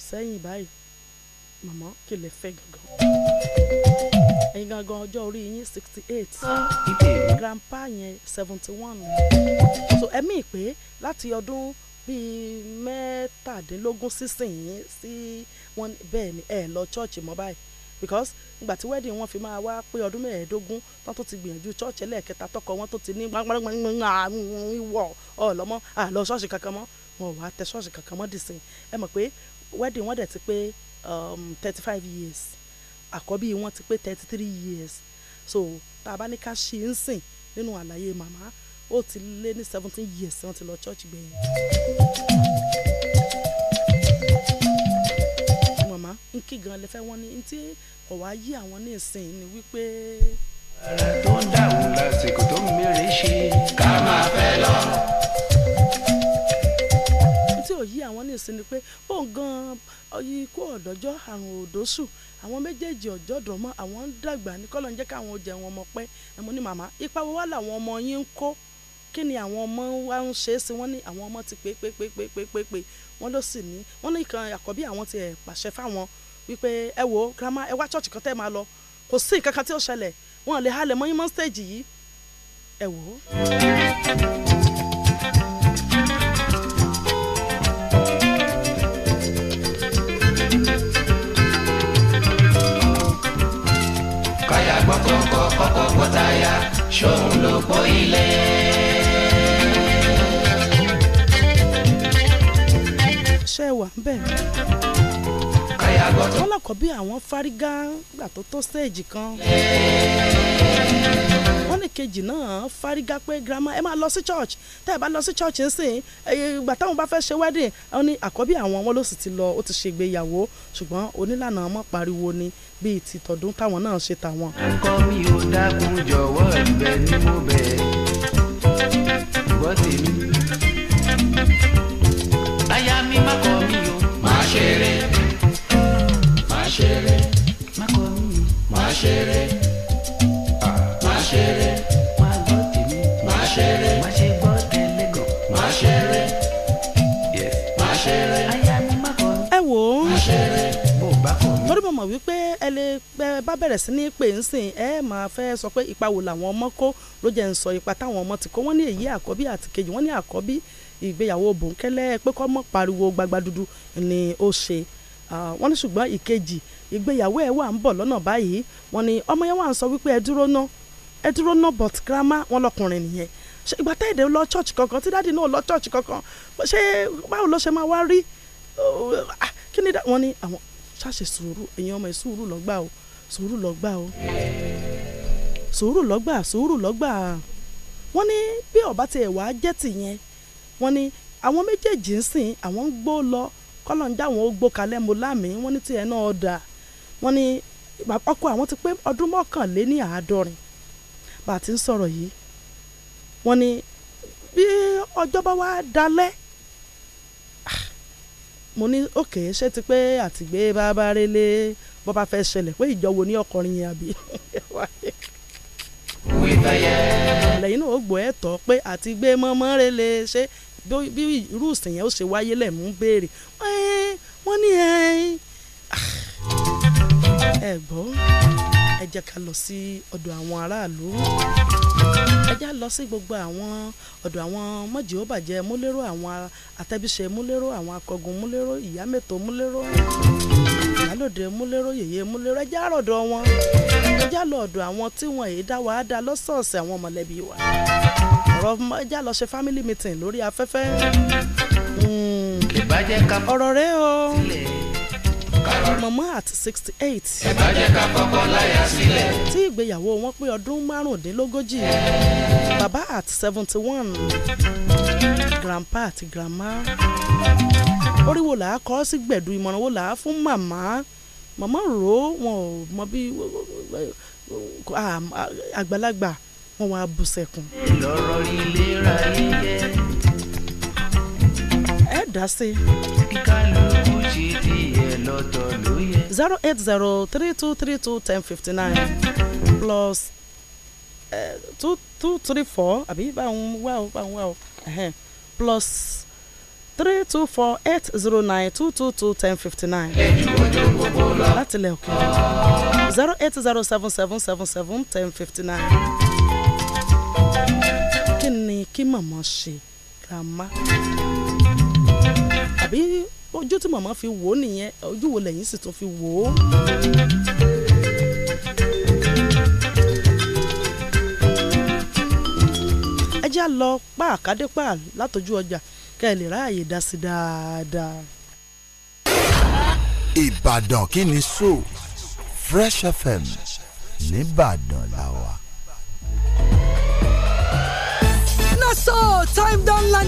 sẹ́yìn báyìí màmá kìlẹ̀ fẹ́ gangan ẹ̀yin gangan ọjọ́ orí yín sixty eight ah. grandpa yẹn seventy one so ẹ̀mí pé láti ọdún bíi mẹ́tàdínlógún sísìnyín sí wọn bẹ́ẹ̀ ni ẹ̀ lọ chọ́ọ̀chì mọ́ báyìí because ìgbà tí wedding wọn fi máa wá pé ọdún mẹ́ẹ̀ẹ́dógún tán tó ti gbìyànjú chọ́ọ̀chì ẹlẹ́ẹ̀kẹta tọkọ wọn tó ti ní wọ ọlọmọ àlọ ṣọ́ọ̀ṣì kankan mọ́ wọn ò wá tẹ ṣọ́ọ̀ṣì kankan mọ́ dìsìn ẹ mọ̀ pé wedding wọn dẹ̀ ti pé thirty five years àkọ́bí wọn ti pé thirty three years so tá a bá ní ká ṣe ń sìn nínú àlàyé màmá ó ti lé ní seventeen years wọn ti lọ church gbẹ̀yìn. màmá ń kí gan lè fẹ́ wọ́n ní tí kò wá yí àwọn ní ìsìn ni wípé.
ara tó ń dàrú lásìkò tó ń
mèrè ṣe ká máa fẹ́ lọ tí ò yí àwọn ní ìsìn pé bóun gan-an ikú ọ̀dọ́jọ́ àrùn òdòsù àwọn méjèèjì ọ̀jọ́dọ̀ àwọn ń dàgbà ní kọ́lọ̀ ń jẹ́ káwọn ò jẹ wọn ọmọ pẹ́ ẹ̀mú ni màmá ipa wo wá làwọn ọmọ yín ń kó kí ni àwọn ọmọ wa ń ṣe é sí wọ́n ní àwọn ọmọ ti pé pé pé pé pé pé pé wọ́n ló sì ní wọ́n ní ìkan àkọ́bí àwọn ti pàṣẹ fáwọn wípé ẹ wo grandma ẹ wá church kan tẹ́ máa lọ kò sí nǹkan kan tí ó ṣẹlẹ̀ wọn lè halẹ̀ mọ́ yín mọ́ stage yìí ẹ wò
ọ̀rọ̀ kọ̀ọ̀kan kọ́kọ́ kó ṣòun ló kó
ilé. ṣé wà ń bẹ̀? wọ́n lọ́kọ̀ bí àwọn fárígá gbà tó tó stéèjì kan lè kejì náà fárígá pé grandma ẹ máa lọ sí church tẹ́ ẹ bá lọ sí church ń ìgbà táwọn bá fẹ́ ṣe wedding wọn ni àkọ́bí àwọn wọn ló sì ti lọ ó ti ṣe ìgbéyàwó ṣùgbọ́n onílànà ọmọ pariwo ni bíi ti tọdún táwọn náà ṣe tàwọn.
ẹ̀kọ́ mi ò dákun jọ̀wọ́ ẹ̀bẹ̀ ni mo bẹ̀ gbọ́ tèmi. aya mi má kọ̀ mi o. máa ṣeré máa ṣeré máa
kọ̀ mi o. máa ṣeré ṣeré má gbọ́ tèmi má ṣeré má ṣe gbọ́ tẹ́lẹ̀ gan má ṣeré má
ṣeré aya
mi má kọ́ ẹ wò ó má ṣeré bó bá kọ́ mi. torí mo mọ̀ wípé ẹ lè bá bẹ̀rẹ̀ sí ní pè ń sìn ẹ máa fẹ́ sọ pé ipa wo làwọn ọmọ kó ló jẹ́ ń sọ ipa táwọn ọmọ ti kó wọ́n ní èyí àkọ́bí àti kejì wọ́n ní àkọ́bí ìgbéyàwó bòńkẹ́lẹ́ pé kọ́ mọ́ pariwo gbagba dúdú ni ó ṣe wọ́n ní ṣùgbọ́n ìkejì ìgbéyàwó ẹ̀ wà ń bọ̀ lọ́nà báyìí wọ́n ní ọmọ yẹn wà ń sọ wípé ẹ dúró ná ẹ dúró náà but grandma wọn lọkùnrin nìyẹn ṣe ìgbà tá èdè lọ church kankan tí dáàdi náà lọ church kankan ṣé báwo ló ṣe máa wá rí ah, kí ni wọn ní àwọn ṣàṣe sùúrù èèyàn ọmọ ẹ sùúrù lọ́gbà o sùúrù lọ́gbà o sùúrù lọ́gbà sùúrù lọ́gbà wọn ní bí ọba ti ẹwà jẹ tìyẹn wọn ní àwọn méjèèjì ń sìn àwọn ń gbó lọ kọlọ̀ ń dá àwọn ó gbó kalẹ̀ mo láàmì wọn ní tiẹ̀ náà dà wọn ní ọkọ àwọn ti pé ọdún mọ́kànléní àádọ́rin bá a ti ń sọ̀rọ̀ yìí wọ́n ní bí ọjọ́ bá wá dalẹ̀ ah, mo ní òkè ṣé ti pé àtìgbé bàbá rélé bó bá fẹ́ ṣẹlẹ̀ pé ìjọ wo ní ọkọrin yẹn àbí lẹ́yìn náà ó gbọ́ ẹ̀ tọ́ pé àtìgbé mọ́mọ́ rélé ṣé bí irú ìsìn yẹn ó ṣe wáyé lẹ̀ mú béèrè wọ́n ní ẹ̀ ah, ẹ̀ gbọ́ ẹ jẹ́ ká lọ sí ọ̀dọ̀ àwọn aráàlú ẹ lọ sí gbogbo àwọn ọ̀dọ̀ àwọn mọ́jì ó bàjẹ́ múlérò àwọn àtẹ́bíṣẹ́ múlérò àwọn akọgun múlérò ìyámẹ̀tò múlérò ìyálòdè múlérò yèyé múlérò ẹ àròdọ̀ wọn ẹ lọ ọ̀dọ̀ àwọn tí wọ́n èyí dá wàá dá lọ́sọ̀ọ̀sẹ̀ àwọn mọ̀lẹ́bí wa ọ̀rọ̀ ẹ lọ ṣe family meeting lórí afẹ́fẹ́ hmm, ọ̀rọ̀ rẹ o. Tilẹ̀. Mama at sixty eight. ẹ bá jẹ́ ká kọ́kọ́ láyà sílẹ̀. tí ìgbéyàwó wọn pé ọdún márùndínlógójì bàbá at seventy one grandpa àti grandma oríwo là á kọ́ sí gbẹ̀du ìmọ̀ràn wo là á fún màmá màmá rò ó wọn ò mọ bí àgbàlagbà wọn wà á bú sẹ́kùn. lọ́rọ̀ ìlera yìí ẹ dá sí. kí
kálukú ṣe tiẹ̀ lọ́tọ̀ ló yẹ.
zero eight zero three two three two ten fifty nine plus eh, two two three four àbí báwọn wá o báwọn wá o plus three two four eight zero nine two two two ten fifty nine láti ilẹ̀ òkè zero eight zero seven seven seven seven ten fifty nine kí ni kí màmá ṣe grandma àbí ojú tí màmá fi wò ó nìyẹn ojú wo lẹ́yìn sì tún fi wò ó. ẹ jẹ́ lọ pààkádépà látọjú ọjà kẹ́ ẹ lè ráàyè dá sí dáadáa.
Ìbàdàn kí ni so Fresh FM nìbàdàn làwà.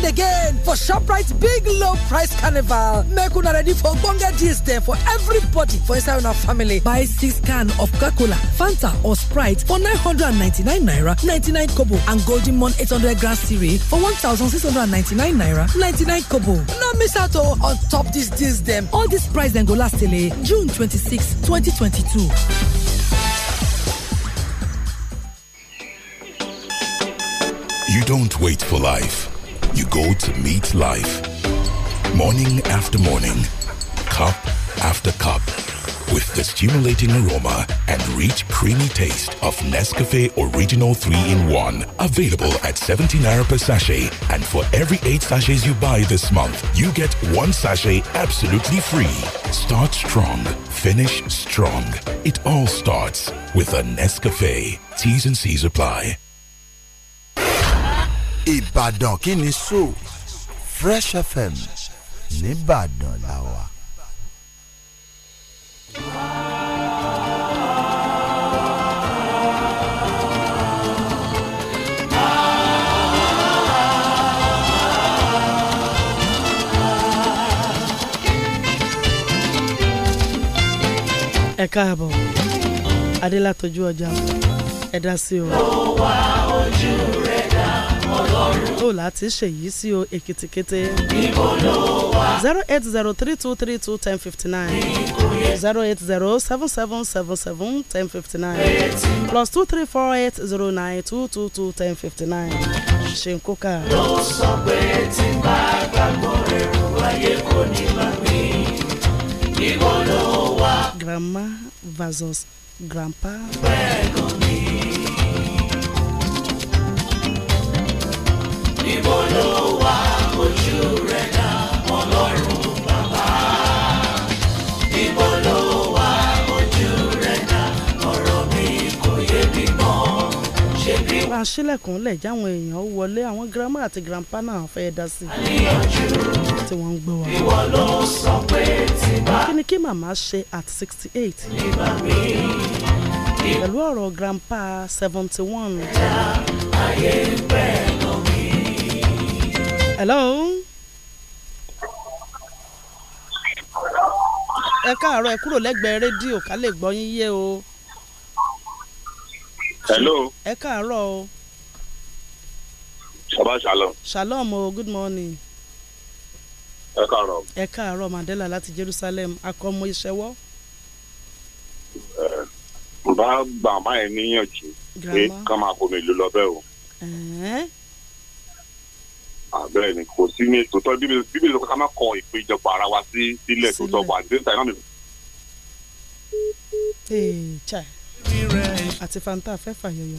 again for ShopRite's big low price carnival. Make una ready for bonga deals there for everybody for inside our family. Buy six can of Coca-Cola, Fanta or Sprite for 999 naira, 99 kobo and Golden Mon 800 grass series for 1699 naira, 99 kobo. No miss out oh, on top these deals them. All this price then go last till eh, June 26, 2022.
You don't wait for life you go to meet life. Morning after morning, cup after cup, with the stimulating aroma and rich creamy taste of Nescafe Original 3-in-1. Available at 17 naira per sachet. And for every 8 sachets you buy this month, you get 1 sachet absolutely free. Start strong, finish strong. It all starts with a Nescafe. T's and C's apply. Ìbàdàn kí ni so Fresh FM nìbàdàn la wà.
ẹ káàbọ̀ adélàtọ́jú ọjà ẹ dá sí o. ó wá ojú rẹ̀ ó láti ṣèyí sí o èkìtìkété zero eight zero three two three two ten fifty nine zero eight zero seven seven seven seven ten fifty nine plus two three four eight zero nine two two two ten fifty nine ṣe ń kókà. ló sọ
pé tí n bá gbàgbọ́ ẹ̀rù ayé kò ní bá mi
ibo ló wà. grandma versus grandpa. bẹ́ẹ̀ gan ni. níbo ló wà ojú rẹ̀ dá lẹ̀ jáwọn èèyàn wọlé àwọn girama àti grandpa náà fẹ́ dá sí i. àníyànjú tí wọ́n ń gbé wa. ìwọ ló sọ pé tí bá. kí ni kí màmá ṣe at sixty eight. nígbà míì pẹ̀lú ọ̀rọ̀ grandpa seventy one. ẹ̀dá ayé bẹ́ẹ̀ lọ hello. ẹ káàárọ̀ ẹ kúrò lẹ́gbẹ̀ẹ́ rédíò ká lè gbọ́ yín yé o. hello. ẹ káàárọ̀ o. baba shalom. shalom o good morning. ẹ káàárọ̀. ẹ káàárọ̀ mandela láti jerusalem akọmọ ìṣẹ́wọ́.
mo bá gbà máa ń níyànjú pé ká máa kó mi lò lọ bẹ́ẹ̀ o bẹ́ẹ̀ ni kò sí ní ètò tọ́ bíbélì ló kọ́ ká má kọ ìpéjọpọ̀ ara wa sí sílẹ̀ tó tọ́ dé ìtàn náà mi
àti fanta fẹ́ fàyọyọ.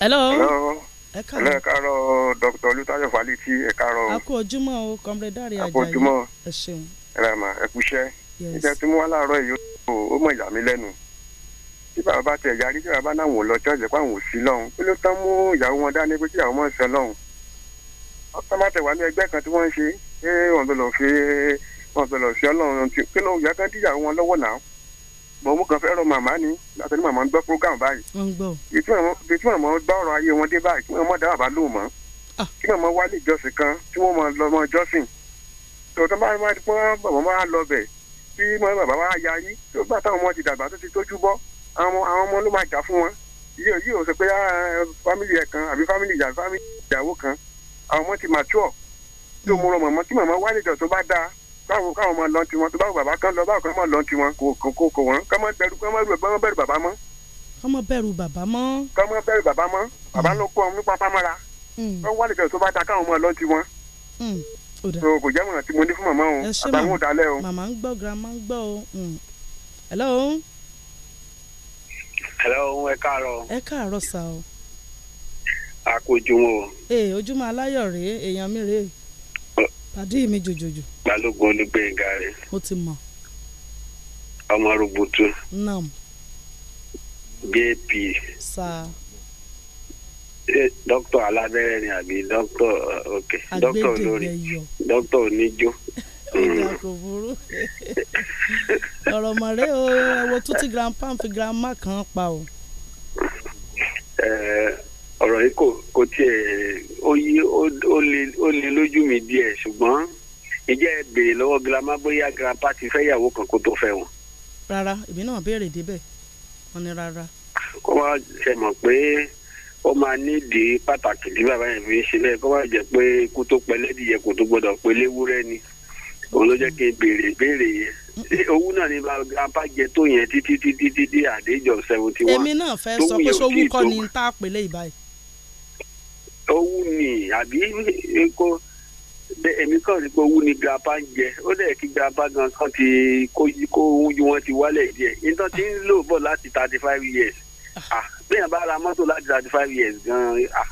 hello. hello. ẹ káàárọ̀ ẹ
káàárọ̀ dr olùtayọ̀ falẹ́tì ẹ káàárọ̀. a
kú ojúmọ́ o comrade Dáre Àjàyí. a kú ojúmọ́ ẹ ṣeun.
ẹ rà mà ẹ kúṣẹ́. iṣẹ́ tí mo wá láàárọ̀ yìí ó mọ̀ ìyá mi lẹ́nu tí bàbá bá tẹ̀ yarí tí bàbá náà wò lọ jọ́ọ̀jẹ̀ pé àwọn ò sí lọ́hùn kí ló tán mú ìyàwó wọn dání pé kí ìyàwó wọn sọ lọ́hùn ọtá má tẹ̀ wá ní ẹgbẹ́ kan tí wọ́n ń ṣe é wọn tó lọ fi wọn tó lọ fi ọlọ́run tí kí ló yà kán dí ìyàwó wọn lọ́wọ́ náà mọ̀ mú kan fẹ́ràn màmá ni látọ̀ ní màmá ń gbọ́ program báyìí bí tí màmá gbá ọ̀rọ̀ ayé wọn dé báyìí kí wọ́n mọ̀ dá bàbá lóò mọ́ kí ah. màmá wálé ìjọsìn kan tí wọ́n mọ̀ lọ́mọ ìjọsìn tòótọ́ bá wọn bàbá wọn àwọn ọmọ ló máa jà fún wọn yíò yíò sọ pé ah, fámìlì ẹ̀ kan àbí fámìlì ìjà fámìlì ìyàwó kan àwọn ọmọ ti mature tó mo rọ mọ̀mọ́ tí màmá wálé jọ tó bá dáa báwo káwọn máa lọ tiwọn tó báwo bàbá kan lọ báwo kan máa lọ tiwọn kò kò kò wọn ká má bẹ̀rù ká má bẹ̀rù bàbá mọ́.
ká má bẹ̀rù bàbá
mọ́. ká má bẹ̀rù bàbá mọ́ bàbá ló kó ọmọ nípa pamọ́ra wọ́n hmm. wálé jọ tó bá dáa káwọn máa lọ tiwọn hmm. o kò jẹ́ mọ̀ràn tí mo ní fún màmá o àtàwọn ò o.
màmá ń gbọ́ grandma hmm. hello.
ẹ̀rọ ohun ẹ káàárọ̀.
ẹ káàárọ̀ sá o. a kò jùmọ̀. ee ojúmọ́ aláyọ̀ rèé èèyàn mi rèé pàdé mi jòjòjò.
balógun olùgbéyìnga rẹ. ti ọmọ ni àbí dókítà ok dókítà olórí oníjó Eh. kò burú
ọ̀rọ̀ mọ̀rẹ́ o ẹ̀wọ̀ tún ti grandpa fi grandma kan pa o.
Eh, ọ̀rọ̀ yìí kò kò tiẹ̀ ó yí ó le lójú mi díẹ̀ ṣùgbọ́n ìjẹ́ ẹ béèrè lọ́wọ́ grandma bóyá grandpa ti fẹ́ ìyàwó kan kó tó fẹ́ wọn.
rárá èmi náà béèrè débẹ̀ wọn ni rárá.
kó wá ṣe mọ̀ pé ó máa nídìí pàtàkì tí bàbá yẹn fi ń ṣe bẹ́ẹ̀ kó wá jẹ́ pé ikú tó pẹ́ lẹ́dìyẹ kò tó gbọdọ̀ pé léwúrẹ́ ni òun ló jẹ́ kí n béèrè béèrè yẹn owó náà ni bàbá jẹ tó yẹn títí títí títí àdéjọ seventy one. èmi náà fẹ́ sọ pé sówú kọ́ ni
tá a pèlè ìbáyìí.
owó ni àbí kò èmi kàn rí pé owó ni grandpa ń jẹ ó dẹ̀ kí grandpa gan kan ti kó oúnjẹ wọn ti wálẹ̀ díẹ̀ nítorí tí ń lò bọ̀ láti thirty five years ah. Ah, bí yẹn bá ra mọ́tò láti thirty five years gan ah,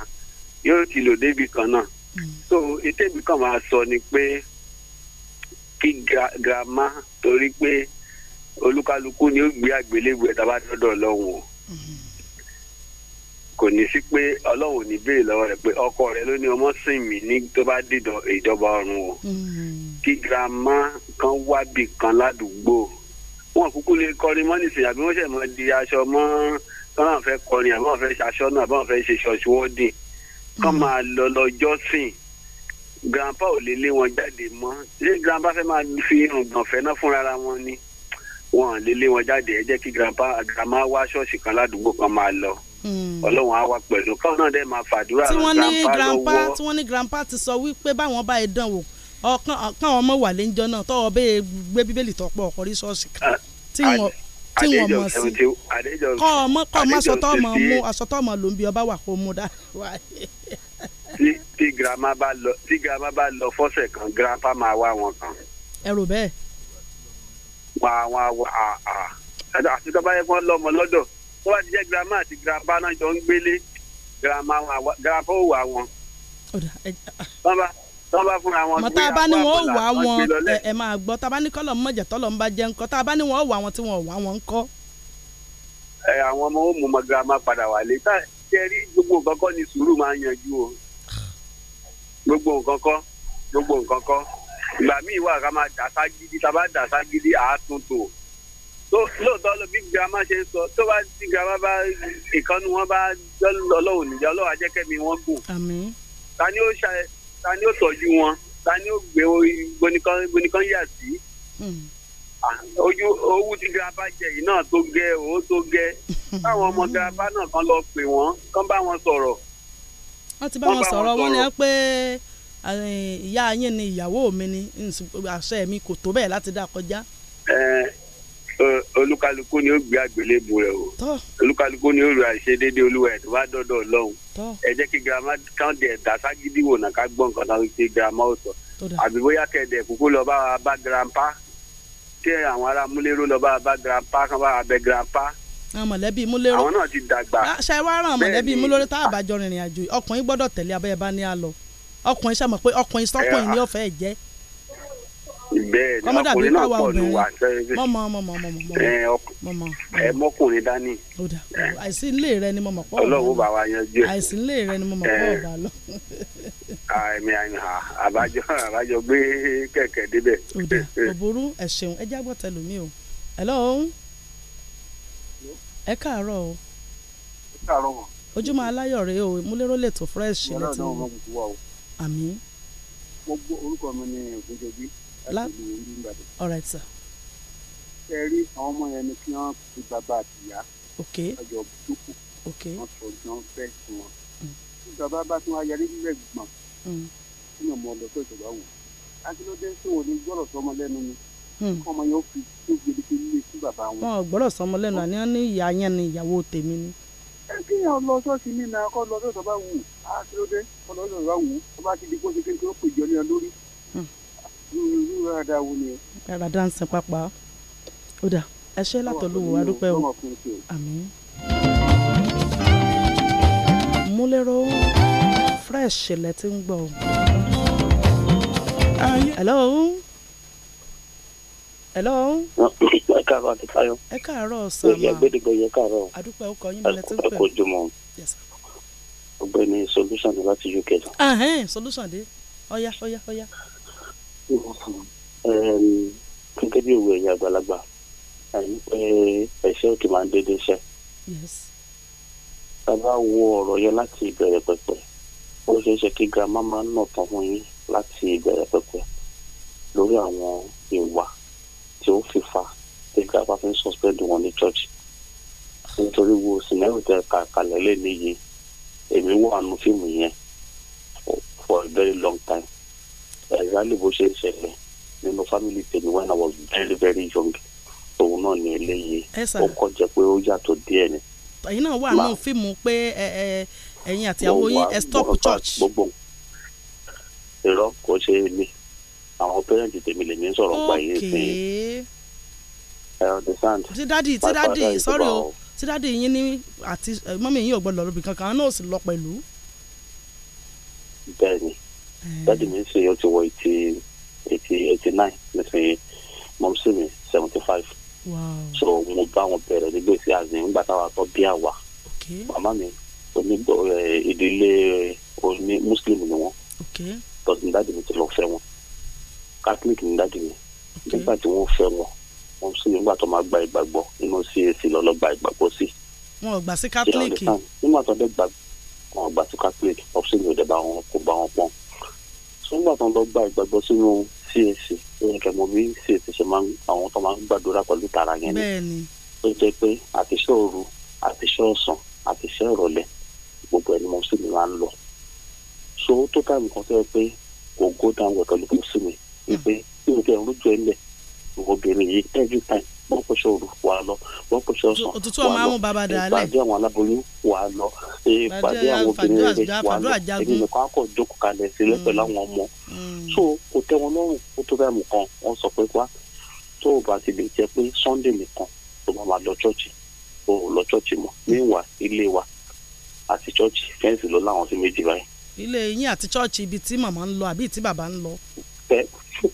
yóò ti lò débi kan náà hmm. so ètè mi kàn máa sọ ni pé kí girama torí pé olúkálukú ni ó gbé àgbélébùú ẹ̀ tábà dọ́dọ̀ lọ́hùn o mm-hmm. kò ní sí pé ọlọ́run ò ní béèrè lọ́wọ́ rẹ̀ pé ọkọ rẹ̀ ló ní ọmọ sìn mí ní tó bá dìdọ̀ ìjọba ọ̀run o mm-hmm. kí girama kan wábì kan ládùúgbò wọn kúkú lè kọrin mọ́ nísìnyí àbí wọ́n ṣẹ̀ mọ́ di aṣọ mọ́ kán náà fẹ́ kọrin àbí wọ́n fẹ́ ṣaṣọ náà àbí wọ́n fẹ́ ṣe ṣọ́ọ̀ṣì wọ́ọ̀dì kán máa lọ lọ́jọ́sìn grandpa ò lè lé wọn jáde mọ́ ṣé grandpa fẹ́ máa fi irùngbọ̀n fẹ́ náà fúnra wọn ni wọn ò lè lé wọn jáde ẹ jẹ́ kí grandpa grandma wá ṣọ́ọ̀ṣì kan ládùúgbò kan máa lọ hmm. ọlọ́run á wá pẹ̀lú káwọn náà dẹ̀ máa fàdúrà grandpa lọ́wọ́. tí
wọ́n ní grandpa ti sọ wípé báwọn bá ẹ dán wò ọkàn ọkàn ọmọ wà lẹ́njọ́ náà tọ́wọ́ bẹ́ẹ̀ gbé bíbélì tọ́pọ̀ ọkọ̀ rí ṣọ́ọ̀ṣì kan ah, tí wọ́n tí wọ́n mọ̀ sí
kọ́ ọmọ kọ́ ọmọ asọ́tọ́ ọmọ mú
asọ́tọ́ ọmọ ló ń bí ọba wà kó mú dá
tí girama bá lọ tí girama bá lọ fọ́sẹ̀ kan grandpa máa wá wọn kan. ẹ rò bẹ́ẹ̀. wà wà wà à àti tó bá yẹ kó lọ́mọ lọ́dọ̀ tó bá ti jẹ́ girama àti grandpa náà jọ ń gbélé girama wà grandpa ó wà wọn. tọ́ bá fúnra wọn. mọ tá a bá ní wọn ó wà wọn ẹ
máa gbọ́ tá a bá ní kọ́lọ̀ mọ̀jẹ̀ tọ́lọ̀ ń bá jẹ́ ńkọ́ tá a bá ní wọn ó wà wọn tí wọn ò wà wọn ńkọ́.
ẹ àwọn ọmọ ó mú ọmọ girama padà wálé tá ẹ rí gbogbo nǹkan ni sùúrù máa yanjú o gbogbo nǹkan kọ́ gbogbo nǹkan kọ́ ìgbà míì wà ká máa dà ságídí tá a bá dà ságídí àátúntò tó lóòótọ́ ló bí girama ṣe ń sọ tó bá tí girama bá ìkànnì wọn bá ọlọ́run níjà ọlọ́run ajẹ́kẹ́mi wọn gùn ta ni ó ṣa ta ni ó tọ́jú wọn ta ni ó gbé gbonikan yà sí hmm. ojú owó tí girama jẹ yìí náà tó gẹ òun tó gẹ káwọn ọmọ girama náà kan lọ pè wọn kán bá wọn sọ̀rọ̀
wọ́n ti bá wọn sọ̀rọ̀ wọ́n ní ẹ pé ìyá yín ni ìyàwó mi ni àṣẹ mi kò tó bẹ́ẹ̀ láti dá kọjá.
olúkálukú ni ó gbé àgbélébù rẹ o olúkálukú ni ó rà ìṣedéédé olúwa ẹ̀ tó bá dọ́dọ̀ ọlọ́run ẹ jẹ́ kí girama kan dẹ̀ dá ságídí wò náà ká gbọ́ nǹkan táwọn ti girama ó sọ àbí bóyá kẹ̀dẹ̀ kúkú lọ bá wa bá grandpa kí àwọn ará múlẹ́rú lọ bá wa bá grandpa kán bá wa bẹ grandpa
àwọn mọ̀lẹ́bí múlẹ́rọ́ àwọn náà
ti dàgbà. ṣe wá ràn mọ̀lẹ́bí múlẹ́rọ́ tá
a bá jọ rìnrìn àjò ọkùnrin gbọ́dọ̀ tẹ̀lé abẹ́yẹ bá ní a lọ ọkùnrin ṣàmọ̀ pé ọkùnrin sọ́kùnrin ní ọ̀fẹ́ ẹ̀ jẹ́.
bẹ́ẹ̀ ni ọkùnrin náà pọ̀ ní wà sẹ́yìn. mọ̀mọ́
mọ̀mọ́ mọ̀mọ́
ẹ mọ́kùnrin dání.
àìsí ilé rẹ ni mo mọ̀ pọ̀ ọlọ́run bá wa yanjú ẹ̀. àìsí ilé rẹ ni mo mọ̀ pọ̀ ọ̀dà lọ.
àmì àbájọ àbájọ gbé kẹ̀kẹ́ débẹ̀.
òbúrú ẹ̀ ṣeun ẹ jágbọ́ tẹlumi o. hello ẹ káàárọ̀ o. ẹ káàárọ̀ o. ojúmọ́ aláyọ̀ rèé o múlẹ́rọ́ lè tó fresh ilé tí wọ́n. àmín.
gbogbo orúkọ
mi ni ògúnjẹbí láti ìlú alright sir. ẹ rí àwọn ọmọ yẹn ni kí wọ́n fi bàbá àti ok ọjọ́ dúkù. ok wọ́n sọ jọ fẹ́ sí wọn. Mm. bàbá bá tún wá yarí nílẹ̀ gbọ̀n. Mm. kí ni ọmọ ọ̀dọ́ ìjọba wù. akíndé tó ní gbọ́dọ̀ Hmm. ọmọ yẹn ó fi tó gbèdéke nílé fún bàbá wọn. wọn
ò gbọ́dọ̀ sọmọ lẹ́nu àní wọn ní ìyá yẹn ni ìyàwó tèmi ni.
ẹ kí yàn lọ ṣọ́ọ̀ṣì mi náà kọ́ lọ sọ́dọ̀ bá wù ú àtúndé kọ́ lọ sọ́dọ̀ bá wù ú bá ti di kó ṣe ó pè jọ ní ọ lórí.
Hmm. irú rárá wo ni. rárá múlẹ́rọ̀ fresh lẹ ti ń gbọ́ hello hello. ẹ káàárọ̀ àti tayo. ẹ káàárọ̀ sàmà. oyè
gbẹdẹgbẹ yẹ káàárọ̀.
àdúpẹ́ ọkọ yín balẹ̀ tó ń pẹ̀. ẹ kojú mọ́.
ọ̀gbẹ́ni solution láti uk.
solution dé ọ̀yá ọ̀yá ọ̀yá.
gẹ́gẹ́ bí òwe ẹ̀yà àgbàlagbà àyè pé ẹ̀ṣẹ́ òkè máa ń dédé iṣẹ́. bàbá wo ọ̀rọ̀ yẹn láti ìbẹ̀rẹ̀ pẹ̀pẹ̀ ó ṣeé ṣe kí grandma máa ń nà tán fún yín láti ìbẹ̀rẹ̀ pẹ̀pẹ̀ lórí àwọn ìwà tí ó fi fa tí káfá fi ń suspend wọn ní church nítorí wo sinẹ́rù tẹ kàkàlẹ̀ lé níye èmi wà nù fíìmù yẹn for a very long time exactly bó ṣe ń ṣẹlẹ̀ nínú family tèmi when I was very very young òun náà ní eléyìí ó kọjá pé ó yàtọ̀ díẹ̀ ni.
ẹ̀yin náà wà nù fíìmù pé ẹ̀yin àti àwọn yín ẹ stop
church. irọ́ kò ṣe é ní àwọn pẹrẹntì tèmi lèmi ń sọ̀rọ̀ gba yìí sí ẹ understand. ti dadi ti dadi sorry o
ti dadi yín ní àti eh, mọ́mí yín ò gbọ́dọ̀ lọ́bì kankan náà sì lọ pẹ̀lú.
bẹ́ẹ̀ni eh. dadi mi ṣe ó ti wọ eighty eighty eighty nine nísìnyí mọ̀mísí mi seventy five. Wow. so mo bá wọn bẹ̀rẹ̀ nígbèsí àzìn nígbà táwa tó bí àwa màmá mi onígbọ eh, ìdílé oní muslim ni wọn tọ́sí dáàbò mi ti lọ fẹ́ wọn catholic ní dájú mi nígbà tí wọ́n fẹ́ wọn wọ́n sì nígbà tó máa gba ìgbàgbọ́ nínú cac lọ́lọ́ gba ìgbàgbọ́ sí.
wọn ò gbà sí catholic.
nígbà tó dé gbà wọn ò gbà sí catholic ọ̀sìn mi ò dẹ̀ bá wọn kò bá wọn pọ́n. nígbà tó ń lọ gba ìgbàgbọ́ sínú cac ẹ̀yìn kẹ́mọ́ bí cac ṣe máa ń àwọn tó máa ń gbàdúrà pẹ̀lú tara yẹn ni. bẹ́ẹ̀ni. ó jẹ́ pé àtiṣe òru àtiṣe ọ̀sán àtiṣe ìrọ̀lẹ́ gbogbo ẹni mọ̀ sí mi máa ń lọ. so tó táìmù kan tó yẹ ìgbẹ́ nǹkan ìrújú ẹlẹ̀ obìnrin yìí every time wọ́n kọ́ṣẹ́ òru wà lọ wọ́n kọ́ṣẹ́ ọ̀sán wà lọ ìpàdé àwọn aláboyún wà lọ ìpàdé àwọn obìnrin rẹ̀ wà lọ èmi nìkan akọ̀ jókòó kalẹ̀ sílẹ̀ pẹ̀lú àwọn ọmọ mm. so kò tẹ́ wọn lọ́rùn kó tó bẹ́ẹ̀ mú kan wọ́n sọ pé wá tó o bá ti lè jẹ́ pé Sunday nìkan tó bá máa lọ chọ́ọ̀chì o ò lọ chọ́ọ̀chì mọ́ níwà ilé wa àti chọ́ọ̀chì fẹ́ǹsì ló láwọn sí méjì báyìí.
ilé yín àti chọ́ọ̀chì ibi tí màmá ń lọ àbí tí bàbá ń lọ kí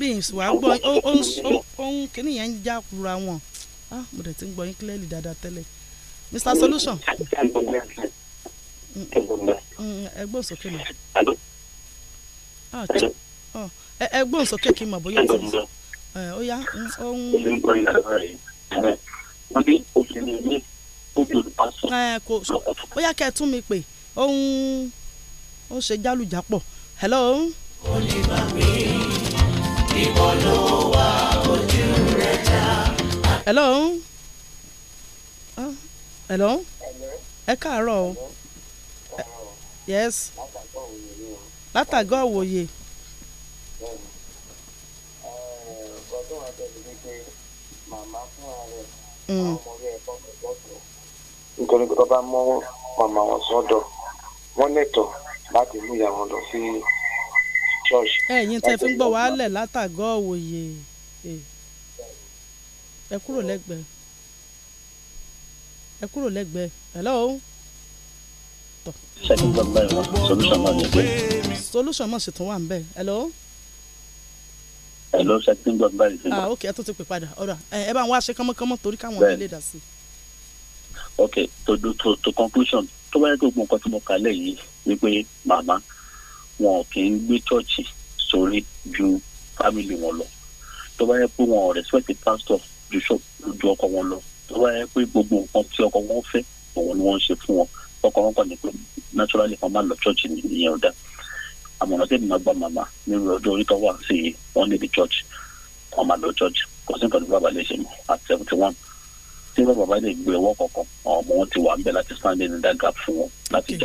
bí ìsùwà gbọ́ ohun kìíní yẹn ń já kura wọn ah, mo dẹ̀ ti ń gbọ́ yín clearly dáadáa tẹ́lẹ̀ Mr Solution. ẹgbọ́n sókè mi. Ah, oh, ẹgbọ́n sókè kí n mọ̀ bóyá ti sọ. ó yá ohun. kò bóyá kẹ́ ẹ tún mi pè ohun ó ṣe jálùjápọ̀ hello.
ó lè bá ìwọ
ló wà
ojú rẹ já.
hello ah, hello ẹ káàárọ̀ o yes látàgọ́ òwòye.
ọdún àti ẹ̀dùn wípé màmá fún ààrẹ àwọn ọmọ rẹ̀ ẹ̀kọ́ lọ́tọ̀
nítorí pé ọba mọ́ màmá wọn sọ́dọ̀ wọ́n lẹ́tọ̀ọ́ láti mú ìyá lọ sí church. ẹ̀yin tẹ́ fi ń gbọ́ wàhálẹ̀
látàgọ́ òwòye ẹ kúrò lẹ́gbẹ̀ẹ́ ẹ kúrò lẹ́gbẹ̀ẹ́ hello. solution mọ̀ sí tún wà ń bẹ̀ hello. hello sẹ́tìn gbọ́ báyìí. ah ok ẹ tún ti pè padà ọ̀rọ̀ ẹ bá ń wá ṣe kánmọ́kánmọ́ torí káwọn ọ̀rẹ́ lè dà sí ok
to to to conclusion tó bá yẹ kó gbọ́n nǹkan tí mo kà lẹ́yìn wípé màmá wọn kì í gbé chọ́ọ̀chì sórí ju fámìlì wọn lọ tó bá yẹ pé wọn ò rẹ́spẹ̀tì pásítọ̀ ju ju ọkọ wọn lọ tó bá yẹ pé gbogbo nǹkan tí ọkọ wọn fẹ́ òun ni wọ́n ń ṣe fún wọn ọkọ wọn kàn ní pé naturally kan máa lọ chọ́ọ̀chì nìyẹn ọ̀dà àmọ̀ràn tẹ́lẹ̀ máa gba màmá nínú ọjọ́ orí tó wà sí wọ́n lè di church wọ́n máa lọ church kò sí nǹkan tí bàbá lè ṣe mọ́ at seventy one tí bàbá lè gbé ọwọ́ kankan ọmọ wọn ti wà ń bẹ láti stand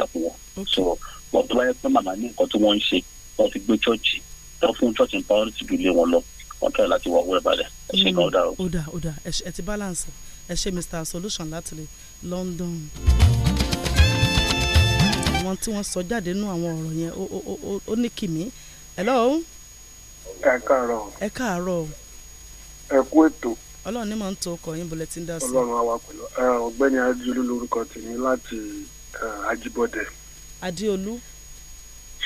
pọ̀ tó bá yẹ pé màmá ní nǹkan tí wọ́n ń ṣe wọ́n fi gbé chọ́ọ̀chì tó fún chọ́ọ̀chì priority ju ilé wọn lọ wọ́n kẹ́rẹ̀ láti wọ owó ẹ̀ balẹ̀
ẹ ṣe kan mm. ó dáa o. ó dáa ó dáa ẹ ti balance ẹ ṣe Mr Solution láti London àwọn tí wọ́n sọ jáde nú àwọn ọ̀rọ̀ yẹn ó ní kìmí. hello. ẹ káàárọ̀. ẹ káàárọ̀. ẹ kú ètò. ọlọ́run ní màá ń to ọkọ̀ yín bọ̀lẹ́ tí ń dá sí. ọlọ́run
àwa pẹ̀lú ọ̀gbẹ́ni ajúlú
lórúkọ tèmi láti Ajíbọ́dẹ̀ adéolú.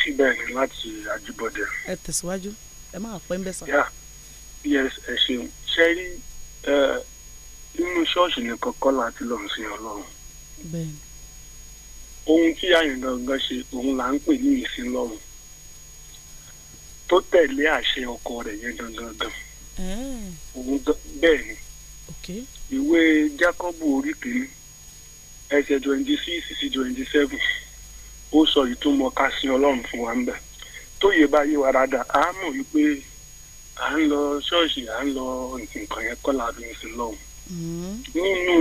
síbẹ̀ ni láti àjíbọ̀dẹ̀.
ẹ tẹ̀síwájú ẹ máa pẹ́ ń bẹ́ sọ.
yes ẹ ṣeun ṣe rí inú ṣọ́ọ̀ṣì nìkan kọ́ láti lọ́ọ̀ sí ọlọ́run. bẹ́ẹ̀ni. ohun tí àyìn gangan ṣe òun là ń pè ní ìsìn lọ́run tó tẹ̀lé àṣẹ ọkọ rẹ̀ yẹn gangan gan. òun bẹ́ẹ̀ ni ìwé Jákọ́bù orí kìíní ẹsẹ̀ twenty six sí twenty seven ó sọ ìtumọ̀ ká sí ọlọ́run fún wa ń bẹ̀ tó yẹ bá yé wa dáadáa a mọ̀ wípé à ń lọ ṣọ́ọ̀ṣì à ń lọ nǹkan yẹn kọ́ làbí ń sin lọ́hùn mm-hmm. nínú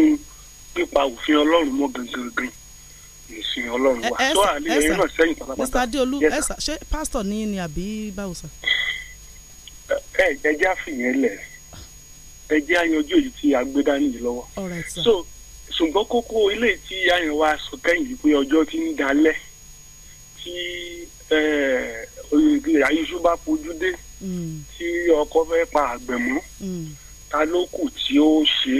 pípa òfin ọlọ́run mọ́ gangan ìsìn ọlọ́run wa tó àlẹ́ yẹn náà sẹ́yìn pátápátá. mr adeolu ẹ̀sà
ṣé pásítọ̀ ní ni àbí báwo sà.
ẹ ẹ jẹ́ àfihàn lẹ̀ ẹ jẹ́ àyànjú èyí tí a gbé dání yìí lọ́wọ́. so ṣùgbọ́n kókó ilé tí àyàn wa sọ kẹ́yìn pé ọjọ́ ti ń dalẹ̀ tí àyíṣú bá fojú dé mm. tí ọkọ fẹ́ pa àgbẹ̀ mọ́ mm. ta ló kù tí ó ṣe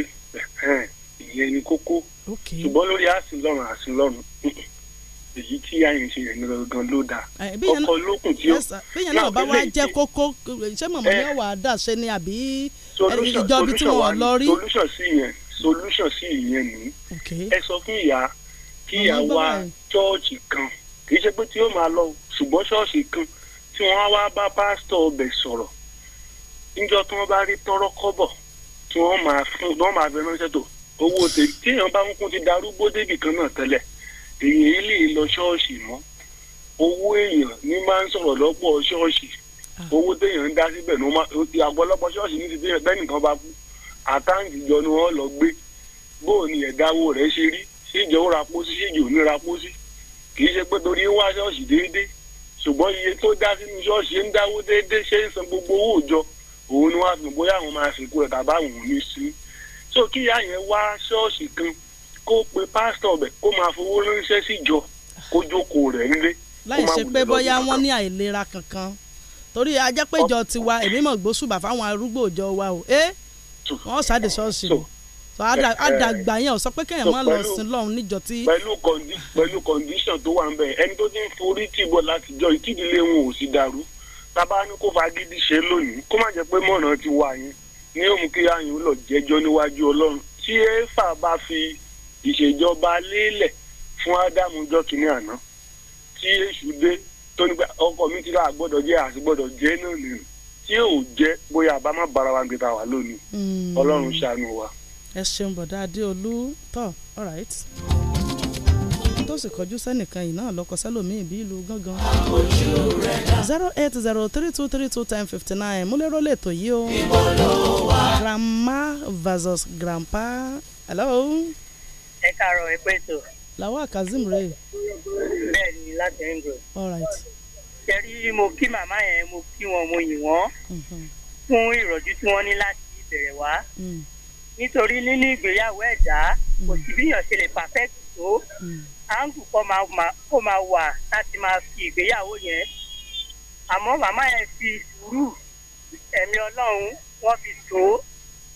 ìyẹn ni kókó ṣùgbọ́n lórí àsìlọ́run àsìlọ́run èyí tí àyìn ṣe yẹn gangan ló dáa ọkọ
lókùn tí ó bẹ́ẹ̀ náà bá wá jẹ́ kókó ṣé mọ̀mọ́ ni ọ̀wà eh. àdàṣe ni àbí ìjọbi tí wọ́n lọ rí. solution sí ìyẹn
solution sí ìyẹn nìyí ẹ sọ fún ìyá kí ìyá wa chọ́ọ̀chì kan kì í ṣe pé tí yóò máa lọ ṣùgbọ́n ṣọ́ọ̀ṣì kan tí wọ́n wá bá pásítọ̀ ọbẹ̀ sọ̀rọ̀ níjọ́ tí wọ́n bá rí tọ́rọ́ kọ́bọ̀ tí wọ́n máa fún wọ́n máa bẹ ránṣẹ́ tó owó tí èèyàn bá ń kún ti darúgbó débì kan náà tẹ́lẹ̀ èèyàn lè lọ ṣọ́ọ̀ṣì mọ́ owó èèyàn ní máa ń sọ̀rọ̀ lọ́pọ̀ ṣọ́ọ̀ṣì ah. owó téèyàn ń dá síbẹ̀ ní wọ́n àgbọ̀lọpọ̀ ṣọ́ọ̀ṣì ní ti kì í ṣe pé torí wá ṣọ́ọ̀ṣì déédéé ṣùgbọ́n iye tó dá sínú ṣọ́ọ̀ṣì ń dáwó déédéé ṣe ń san gbogbo owó òjọ òun ni wọ́n á fi bóyá àwọn máa sìnkú rẹ̀ tàbá àwọn ò ní sí so kí ìyá yẹn wá ṣọ́ọ̀ṣì kan kó pe pásítọ̀ bẹ̀ kó máa fowó ránṣẹ́ síjọ kó jókòó rẹ̀ nílé. láì ṣe pé bóyá wọ́n
ní àìlera kankan torí ajẹ́pẹ́jọ tiwa èmi mọ̀ gbósùbà fáwọn arúgbó òjọ wa o ẹ́ eh? àdàgbà eh, eh. yẹn ò sọ pé kéèyàn máa lọ sí lọ́hùn níjọ
tí. pẹ̀lú condition tó wà ń bẹ̀ ẹni tó ti ń forí tìbọ̀ látijọ́ ìtìdílé wọn ò sì dàrú tábà ní kó fagídí ṣe lónìí kó má jẹ́ pé mọ̀ràn ti wà yẹn ní òun kí àyàn lọ jẹ́jọ́ níwájú ọlọ́run tí éfà bá fi ìṣèjọba lélẹ̀ fún ádámù jọ́ àná tí èṣù dé tó nígbà ọkọ mi ti rà gbọ́dọ̀ jẹ́ àṣìgbọ́dọ̀ jẹ́ náà nìyẹn tí ò jẹ́ bóyá àbámọ̀ bára wa ń gbé ta wà lónìí
hmm. ọlọ́run ṣàánú wa ẹ ṣeun bọ̀dá adéolú tọ́ all right tó sì kọjú sẹ́nìkan yìí náà lọ́kọ sẹ́lòmíì bí ìlú gángan. zero eight zero three two three two time fifty nine múlẹ́rọ́ lẹ́tọ̀ yìí o. grandma versus grandpa hello.
ẹ káàárọ̀ ẹ pé tó.
làwọn kazeem rè.
bẹ́ẹ̀ láti ń gbọ́. all right. ṣẹ́rí mo kí màmá yẹn mo kí wọn mo yìn wọ́n
mm-hmm. fún
ìrọ̀jú tí wọ́n ní láti ìbẹ̀rẹ̀ wá. Mm nítorí nínú ìgbéyàwó ẹ̀dá kò sí bíyàn ṣe lè perfect tó áńgù kó máa wà láti máa fi ìgbéyàwó yẹn àmọ́ màmá yẹn fi sùúrù ẹ̀mí ọlọ́run wọ́n fi tó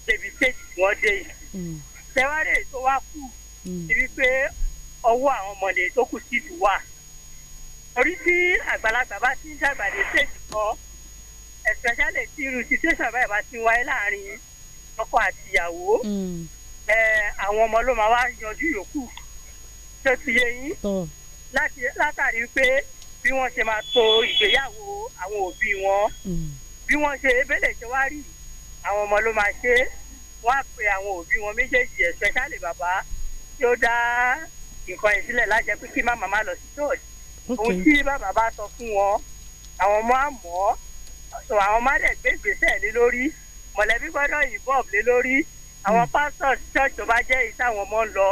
débi stage tí wọ́n dé
yìí
tẹ́wárẹ̀ tó wá kù ti rí pé ọwọ́ àwọn ọmọdé tó kù sí ti wà orí tí àgbàlagbà bá ti ń dàgbà dé stage kan especially tí irú situation báyìí bá ti ń wáyé láàrin yìí ọkọ àtìyàwó mm. àwọn ọmọ ló máa wá yanjú yòókù tó ti yé yín látàrí pé bí wọ́n ṣe máa to ìgbéyàwó àwọn òbí wọn mm. bí wọ́n ṣe ebélẹ̀ ṣe wá rí àwọn ọmọ ló máa ṣe wọ́n á pe àwọn òbí wọn méjèèjì especially bàbá tí ó dá nǹkan yìí sílẹ̀ lájẹ́ pé kí má màmá lọ sí church ohun tí bàbá bá sọ fún wọn àwọn ọmọ á àwọn ọmọ á dẹ̀ gbé ìgbésẹ̀ lé lórí mọ̀lẹ́bí gbọ́dọ̀ involve lé lórí àwọn hmm. pastors church tó bá jẹ́ èyí táwọn ọmọ ń lọ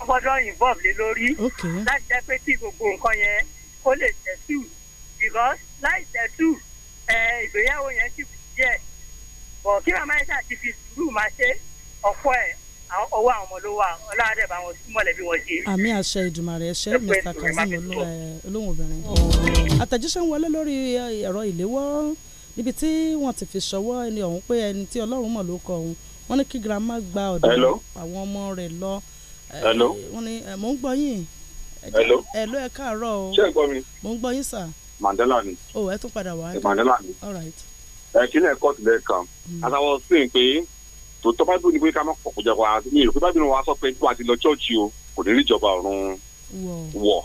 wọ́n gbọ́dọ̀ involve lé lórí láti jẹ́ pé kí gbogbo nǹkan yẹn kó lè tẹ̀sù because láì tẹ̀sù ìgbéyàwó yẹn ti kù díẹ̀ bọ̀ kí màmá yẹn ṣáà ti fi sùúrù máa ṣe ọ̀pọ̀ ẹ̀ ọwọ́ àwọn ọmọ ló wà ọlọ́run àdẹ̀bà wọn sí mọ̀lẹ́bí wọn
ṣe. àmì àṣẹ ìdùmarè ẹṣẹ mr kazeem olóhùn obìnrin àtẹ̀jíṣẹ́ ń wọlé lórí ẹ̀rọ ìléwọ́ níbi tí wọ́n ti fi ṣọwọ́ ẹni ọ̀hún pé ẹni tí ọlọ́run mọ̀ ló kọ òun wọ́n ní kí girama gba ọ̀dọ̀ àwọn ọmọ rẹ̀ lọ. wọ́n ní mò ń gbọ́ yín. ẹ̀ló ẹ káàárọ̀ o. mò ń gbọ́ yín sà.
Mandela
ni.
o oh, ẹ tún padà wá. Mandela ni. all right.
ẹ kí ni ẹ kọ́ tilẹ̀ kan. àtàwọn hmm. sí pé tòótọ́ bábí ni pé ká má fọ̀kọ̀ jẹ́ wa ní ìlú pé bábí ni wàá sọ pé bí wàá ti lọ chọ́ọ̀chì o kò ní rí ọ̀run wọ̀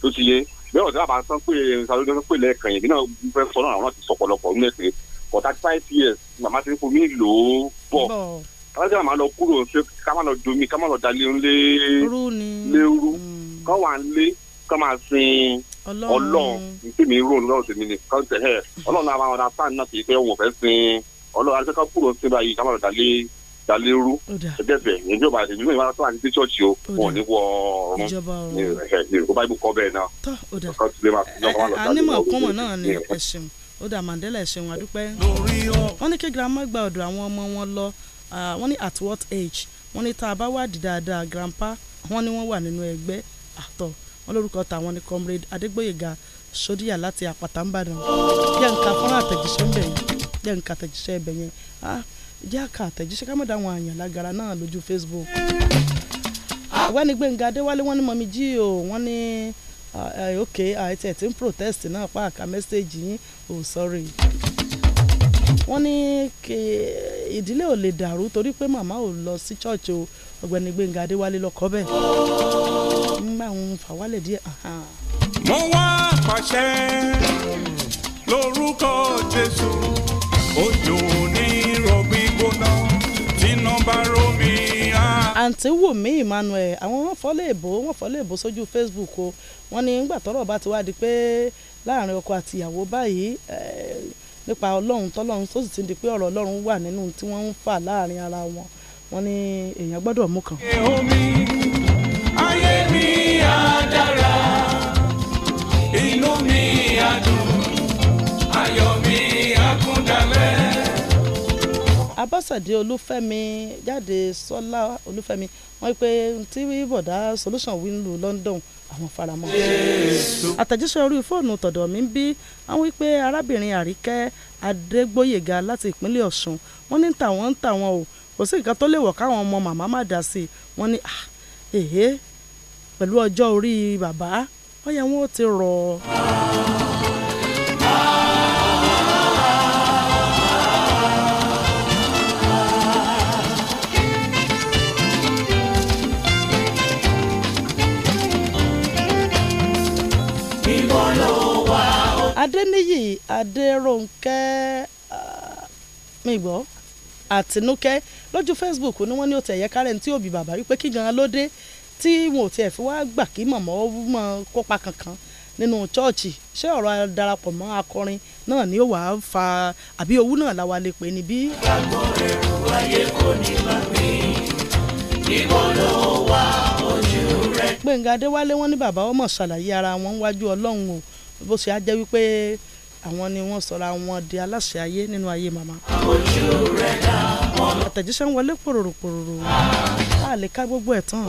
tó ti yé bẹ́ẹ̀ ọ̀dọ́ àbá sọ pé sọ pé lẹ́ẹ̀kan yìí náà fẹ́ sọ náà àwọn ti sọ pọ̀lọpọ̀ nílẹ̀ pé for thirty five years màmá ti ń fún mi lò ó bọ̀ káwọn tí màmá lọ kúrò ṣe ká má lọ domi ká má lọ dalé ńlé léru mm. ká wà ńlé ká máa sin ọlọ́run nítorí mi rò lọ́rùn tèmi ní kọ́ńtẹ̀ ẹ̀ ọlọ́run àwọn ọ̀dà sáà náà kì í fẹ́ wọ̀ fẹ́ sin ọlọ́run àti ká kúrò sí báyìí ká má lọ dalé dalérú ẹgbẹ́fẹ̀ ìjọba àti ìjọba ìwà tó wà ní tíṣọ́ọ̀ṣì o wọn ò ní wọ
ọrùn ní
ìrìkọ́ báyìí kọ́ bẹ́ẹ̀ náà ọkàn tilẹ̀ máa fi ọkàn
wà lọ́ta ànímọ̀ kọ́mọ̀ náà ni
ẹ̀sìn ó dà Mandela ẹ̀sìn àdúpẹ́ wọ́n ní kí grandma gba ọ̀dọ̀ àwọn ọmọ wọn lọ wọ́n ní at what age wọ́n ní tá a bá wádìí dáadáa grandpa wọ́n ní wọ́n wà nínú ẹgbẹ́ àtọ̀ wọ́n lórúkọ tàwọn ní comrade Adégbóyèga Sódíyà láti Àpáta ń bàdàn jẹ́ nǹkan fún àtẹ̀jíṣẹ́ ń bẹ̀ yẹn jẹ́ nǹkan àtẹ̀jíṣẹ́ ẹ̀bẹ̀ yẹn jẹ́ àtẹ̀jíṣẹ́ ká mọ̀dá àwọn àyàn lágara náà lójú Facebook. ọ̀gbẹ́ni Gbẹ́ngà Adéwálé wọ́n ní mọ̀mí jí o wọ́n ní ok àìtí tí ń protest náà pa àka mẹ́sẹ̀gì yín o sorry. wọ́n ní ìdílé ò lè dàrú torí pé màmá ò lọ sí church o ọ̀gbẹ́ni Gbẹ́ngà Adéwálé lọ́kọ bẹ́ẹ̀. nígbà òun fà wálẹ̀ díẹ̀. mo wá
pàṣẹ
lórúkọ Jésù òjò ní rọ̀gbìn gbóná tínú
bá rómi á. àǹtí wùmí emmanuel àwọn wọn fọ́ léèbó wọn fọ́ léèbó sójú facebook o wọn ní nígbà tọ́rọ̀ bá ti wá di pé láàrin ọkọ àti ìyàwó báyìí eh, nípa ọlọ́run tọ́lọ́run tó sì ti di pé ọ̀rọ̀ ọlọ́run wà nínú tí wọ́n ń fà láàrin ara wọn wọn ní èèyàn gbọ́dọ̀ mú kan. omi ayé
mi á dára inú mi á dùn
ayọ̀ mi
abọ́sẹ̀dé olúfẹ́mi jáde sọ́lá olúfẹ́mi wọ́n pe tí bọ̀dá solution wí ń lu London àwọn faramọ́. àtẹ̀jíṣẹ́ orí fóònù tọ̀dọ̀ mi ń bí àwọn wípé arábìnrin àríkẹ́ adégbóyèga láti ìpínlẹ̀ ọ̀ṣun wọ́n ní tàwọn ń tàwọn o kò sí nǹkan tó lè wọ̀ káwọn ọmọ màmá má dá sí i wọ́n ní ah, èhé pẹ̀lú ọjọ́ orí bàbá ó yẹ wọn ti rọ̀ ọ́. Adérónkẹ́ ah, mìgbọ́ Àtinúkẹ́ lójú Facebook ni wọ́n ní ó tẹ̀yẹ kárẹ́ni tí òbí bàbá rí kí gan ló dé tí wọn ò tiẹ̀ fi wá gbà kí mọ̀mọ́ mọ kópa kankan nínú chọ́ọ̀chì ṣé ọ̀rọ̀ darapọ̀ mọ́ akọrin náà ni ó wàá fa àbí owó náà la wa lè pè ní bí. gbàgbọ́ ẹ̀rù
ayé kò ní bá mi ìbò ló wà ojú
rẹ̀. Gbẹ̀ngà wọn ní bàbá ọmọ ṣàlàyé ara wọn wájú Ọlọ́run o bó ṣe á jẹ́ wípé àwọn ni wọ́n sọra wọn di aláṣẹ ayé nínú ayé màmá. ojú rẹ̀ dá wọn. àtẹ̀jíṣẹ́ ń wọlé pòròrò pòròrò. a lè ká gbogbo ẹ̀ tán.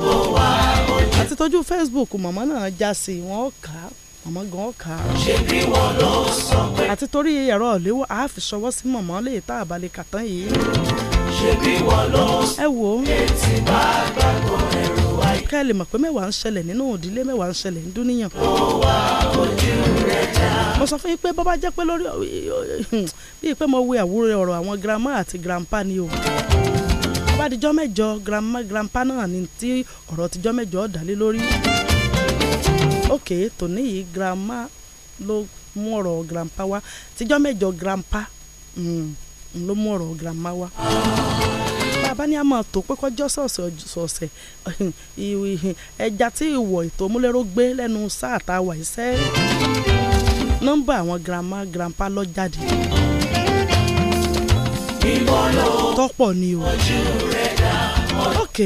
àti tójú Facebook màmá náà já sí i wọ́n kà á màmá gan kà á. ṣé bí wọn ló sọ pé. àti torí ẹ̀rọ ìléwọ́ a fi ṣọwọ́ sí màmá lè tá àbálẹ̀ kàtán yìí. ṣé bí wọn ló sọ ẹ wò ó. ètí bá gbàgbọ́ ẹ̀rọ ká lè mọ̀ pé mẹ́wàá ń ṣẹlẹ̀ nínú òdílé mẹ́wàá ń ṣẹlẹ̀ ń dúníyàn. mo sọ fún yín pé bọ́bá jẹ́ pé lórí bíi pé mo wo àwúrẹ́ ọ̀rọ̀ àwọn grandma àti grandpa ni o bá dijọ́ mẹ́jọ grandma grandpa náà ni tí ọ̀rọ̀ tijọ́ mẹ́jọ dálé lórí òkè tòní yìí grandma ló mú ọ̀rọ̀ grandpa wá tijọ́ mẹ́jọ grandpa hmm, ló mú ọ̀rọ̀ grandma wá bàbá ní a máa tó pé kọjọ́ sọ̀sẹ̀ ẹja tí ìwọ̀ ètò múlẹ́rọ́ gbé lẹ́nu sáà tá a wà iṣẹ́ nọ́mbà àwọn grandma grandpa lọ jáde tọ́pọ̀ ni o ok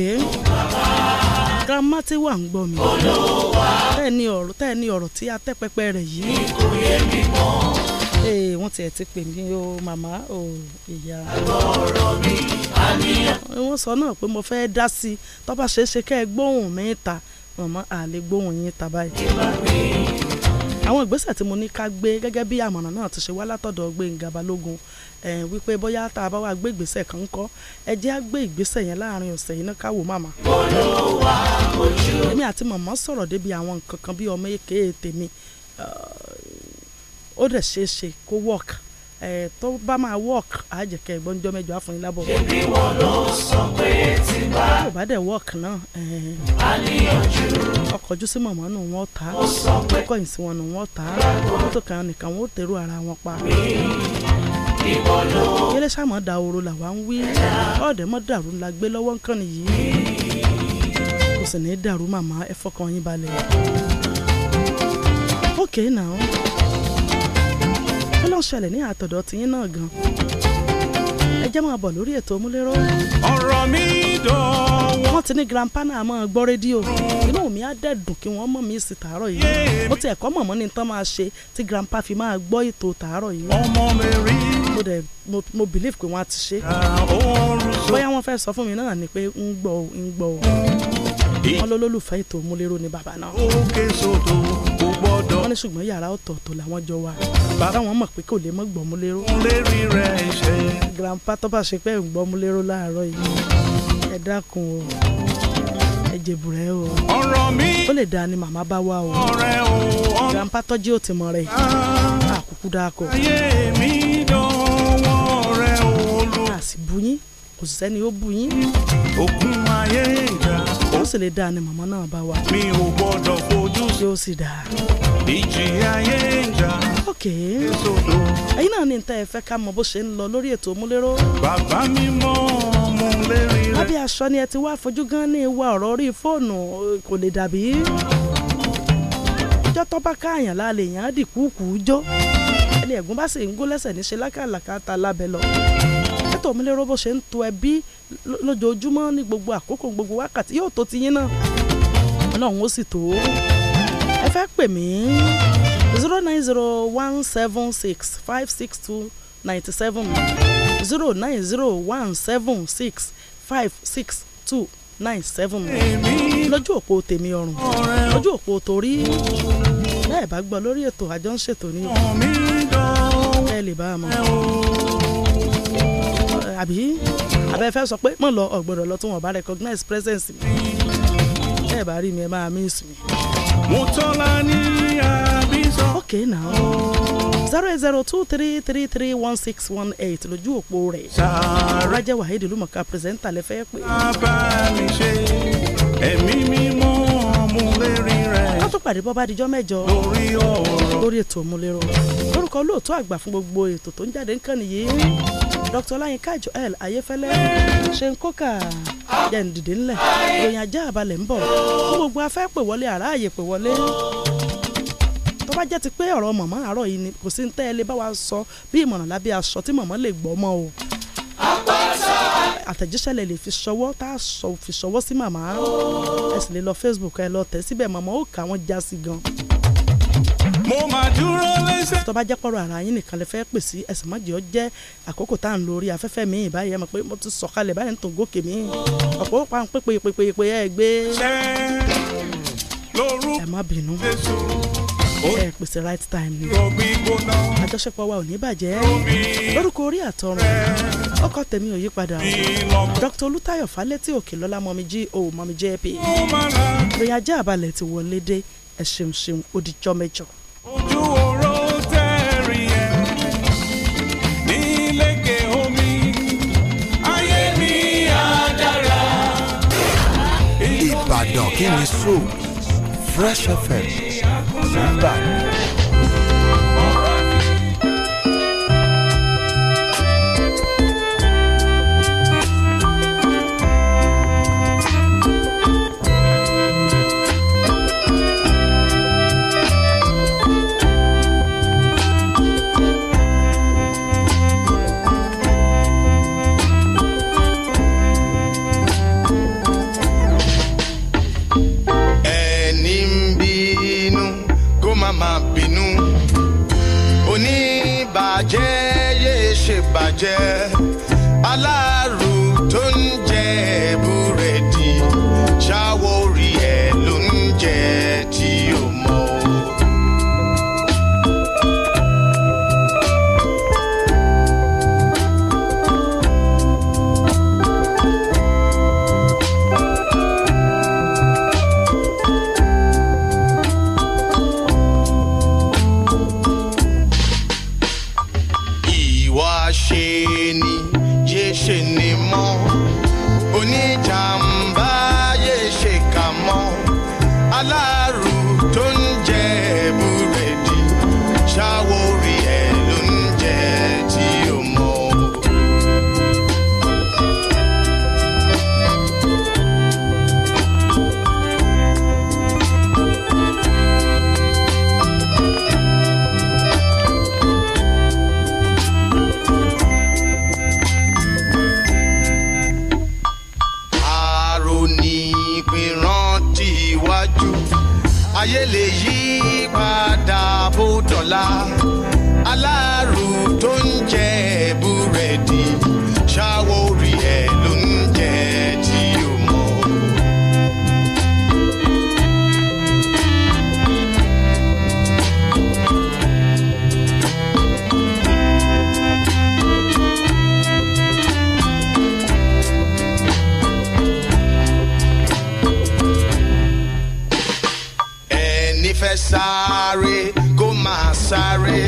grandma tí wà ń gbọ́ mi tẹ́ẹ̀ ni ọ̀rọ̀ tí a tẹ́ pẹpẹ rẹ̀ yìí ee wọ́n tiẹ̀ ti pè mí o màmá o ìyá. wọ́n sọ náà pé mo fẹ́ dá sí i tó bá ṣeé ṣe kẹ́ ẹ gbóhùn mi ta màmá àlè gbóhùn yín ta báyìí. àwọn ìgbésẹ̀ tí mo ní ká gbé gẹ́gẹ́ bí àmọ̀ràn náà ti ṣe wá látọ̀dọ̀ Gbénga Balógun wípé bóyá tá a bá wá gbé ìgbésẹ̀ kan ń kọ́ ẹ jẹ́ á gbé ìgbésẹ̀ yẹn láàrin ọ̀sẹ̀ yìí náà ká wò màmá. èmi àti màmá sọ̀rọ̀ débi àwọn nǹkan kan bí ọmọ èké tèmi ó dẹ̀ ṣeé ṣe kó work ẹ̀ tó bá máa work àjẹkẹ́ ìgbọ́njọ́ mẹ́jọ àfọyín lábọ̀. ṣebí wọn ló sọ pé ti bá. ó bá dẹ̀ work náà. a níyànjú. ọkọ̀jú sí mọ̀mọ́ nù wọ́n ta. ó sọ pé ọkọ̀yìn sí wọn nù wọ́n ta. mọ́tò kan nìkan wọ́n ó tẹ̀rù ara wọn pa. mi ló. yẹlẹ sàmọ́ da oro làwa ń wí. ọ̀dẹ̀ mọ́ dàrú la gbé lọ́wọ́ nǹkan nìyí. kò sì ní dàrú màmá ẹ fọkàn yín balẹ̀. okay now kí ló ń ṣẹlẹ̀ ní àtọ̀dọ̀ tiyín náà gan ẹ jẹ́ máa bọ̀ lórí ètò múlẹ́rọ́. ọ̀rọ̀ mi dọ̀wọ́. wọ́n ti ní grandpa náà máa gbọ́ rédíò inú mi á dẹ̀dùn kí wọ́n mọ̀ mí sí tàárọ̀ yìí mo ti ẹ̀kọ́ mọ̀mọ́ ní tán máa ṣe tí grandpa fi máa gbọ́ ètò tàárọ̀ yìí. ọmọ mi rí i mo dẹ̀ mo believe pé wọ́n á ti ṣe ah, bóyá wọ́n fẹ́ sọ fún mi náà ni pé ń gbọ́ ò ń gbọ́ ò wọ́n lólólùfẹ́ ètò múlẹ́rọ ni bàbá náà wọ́n ní ṣùgbọ́n yàrá ọ̀tọ̀ọ̀tọ̀ làwọn jọ wà táwọn mọ̀ pé kò lè mọ́ gbọ́ múlẹ́rọ grandpa tó bá ṣe pé ń gbọ́ múlẹ́rọ láàárọ̀ yìí ẹ dákun o ẹ jẹ̀bùrẹ́ o ó lè dáa ni màmá bá wà o grandpa tọ́jú òtìmọ̀ rẹ̀. Ah kú ayé mi dánwọ́ rẹ olú. a sì bú kò sì sẹ́ni ó bú òkun ayé ìdá. ó sì lè dáa ni màmá náà bá wa. mi ò gbọ́dọ̀ fojú. yóò sì dáa. ìjì ayé ìjà. ok ẹ̀yin náà ní nta ẹ ká mọ bó ṣe ń lọ lórí ètò múlẹ́rọ́. bàbá mi mọ́ ọmọ lérí rẹ. lábẹ́ aṣọ ni ẹ ti wá fojú gan ní ìwà ọ̀rọ̀ orí fóònù kò lè dàbí ọjọ́ bá káàyàn lálẹ́ yàn á dì kúùkù jó ẹni ẹ̀gún bá sì ń gún lẹ́sẹ̀ níṣẹ́ lákàlàkà ta lábẹ́ lọ ètò òmìnira bó ṣe ń tọ́ ẹbí lójoojúmọ́ ní gbogbo àkókò gbogbo wákàtí yóò tó ti yín náà ọlọ́run ó sì tó ẹ fẹ́ pè mí zero nine zero one seven six five six two ninety seven zero nine zero one seven six five six two nine seven lójú òpó tèmi ọrùn lójú òpó torí ẹ bá gbọ́ lórí ètò àjọ ń ṣètò ní ẹ lè bá a mọ̀ àbí abẹ́ fẹ́ sọ pé mọ̀ lọ ọ̀gbọ̀dọ̀ lọ tí wọ́n bá recognize presence mi ẹ bá rí mi ẹ máa miss mi. mo tọ́lá ní àbísọ. ok now zero eight zero two three three three one six one eight lójú òpó rẹ̀ rájẹ́ wàhídì lùmọ̀ká pírẹsẹ̀ntà lẹ́fẹ́ pé. abá mi ṣe ẹ̀mí mi tún pàdé bọ́ bá dijọ́ mẹ́jọ lórí ètò òmùlérò lórúkọ olóòtú àgbà fún gbogbo ètò tó ń jáde nǹkan nìyí Dr. Ọláyínká Joel Ayéfẹ́lẹ́ ṣe ń kókà yẹn dìde ńlẹ̀ ròyìn ajá àbálẹ̀ ń bọ̀ fún gbogbo afẹ́ pè wọlé àráàyè pè wọlé tó bá jẹ́ ti pé ọ̀rọ̀ mọ̀mọ́ àárọ̀ yìí ni kò sí ń tẹ́ ẹ lé bá wa sọ bí ìmọ̀ràn lábẹ́ aṣọ tí mọ̀mọ́ lè gbọ́ mọ́ o àtẹ̀jíṣẹ́ lè lè fi ṣọwọ́ tá a fi ṣọwọ́ sí màmá ẹ sì lè lọ Facebook ẹ lọ tẹ̀ síbẹ̀ màmá ó kà wọ́n já sí gan. mo máa dúró lẹ́sẹ̀. tó bá jẹ́ pọ̀rọ̀ ara yín nìkan lè fẹ́ pè sí ẹ̀sìn mọ́jì ó jẹ́ àkókò tá à ń lo orí afẹ́fẹ́ mi ìbáyẹn mọ̀ pé mo ti sọ̀kalẹ̀ báyìí ń tún gòkè mi ọ̀pọ̀ ó pa pépè pépè pépè ẹ gbé. ẹ má bínú ẹ pèsè right time ni àjọṣepọ̀ wa ò ní bàjẹ́ lórúkọ orí àtọrun ọkọ tèmi ò yí padà Dr. Olútáyọ̀ Fálétí Òkèlọ́lá mọ̀mí jí o oh, mọ̀mí jp ìròyìn ajá àbálẹ̀ ti wọlé dé ẹ ṣeun ṣeun ó dijọ́ mẹ́jọ. ojú
oró tẹ̀rí ẹ̀ nílẹ̀kẹ̀ omi ayé mi á dára. Ìbàdàn kí ni so Fresh FM Tá. sorry.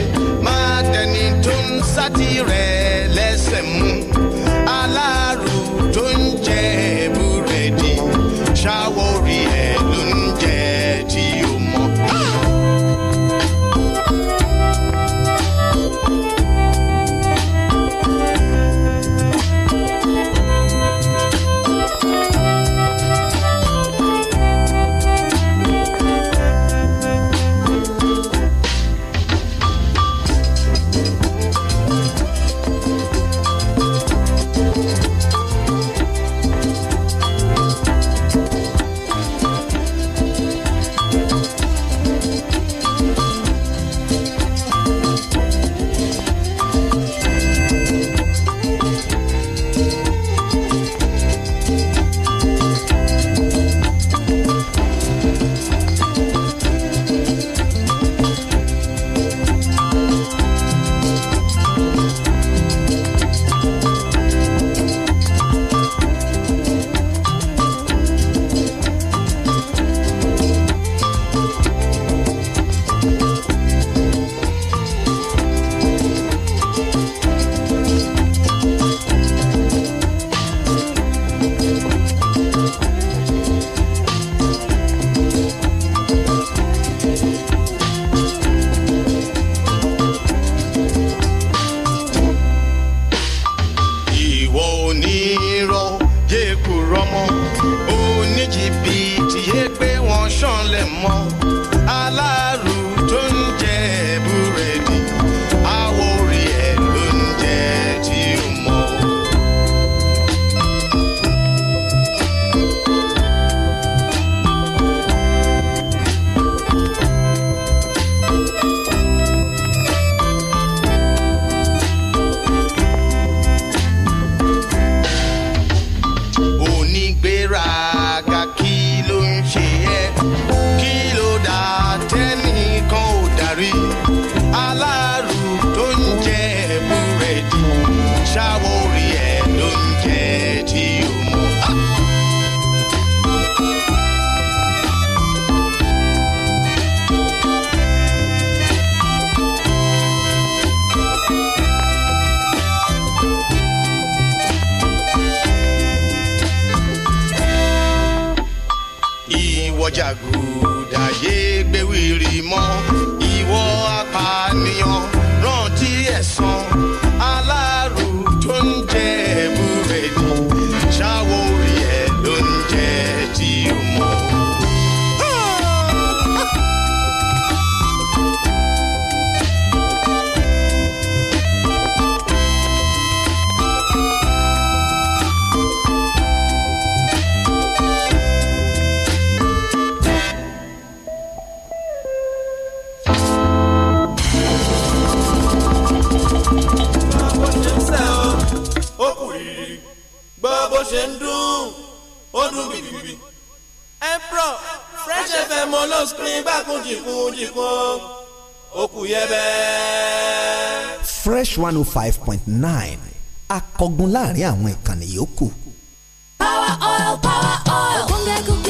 olóṣùpin gbàkún jìkún jìkún òkú yẹbẹ. fresh one oh five point nine akọgun láàrin àwọn ìkànnì yòókù.
power oil power oil.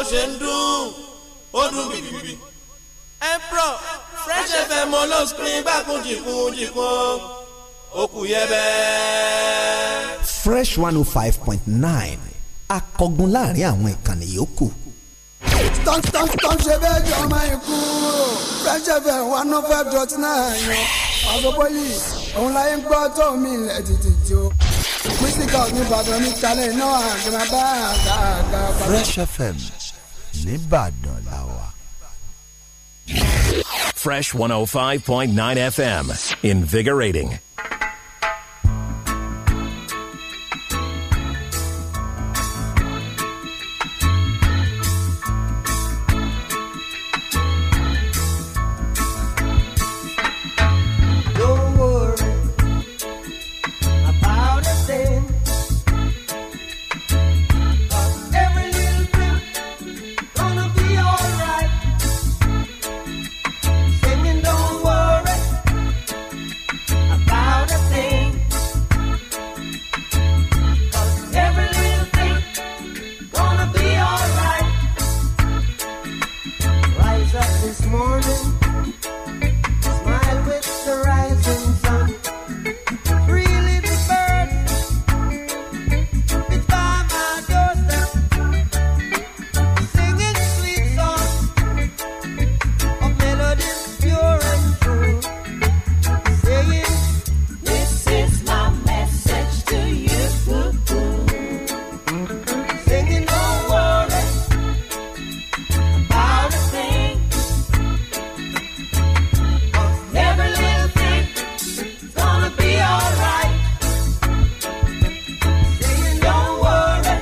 bó ṣe ń dún ó dún bìbìbì.
ẹ̀pọ̀ Fresh
FM olóòsìn gbàkún jìkún jìkún òkú yẹ Fresh one oh five point nine akọgun láàrin àwọn ìkànnì yòókù.
tọ́ntọ́ntọ́n ṣe bẹ́ẹ̀ jọ ọmọ ikú Fresh FM one oh five dot nine ọ̀sọ́pọ̀lì òun láyé ń gbọ́ tó mi ilẹ̀ tètè jó mísíkà òní bàbá mi kalẹ̀ náà àgbà bá àgbà àgbà. Fresh
FM nìbàdàn la wà. Fresh 105.9 FM, invigorating.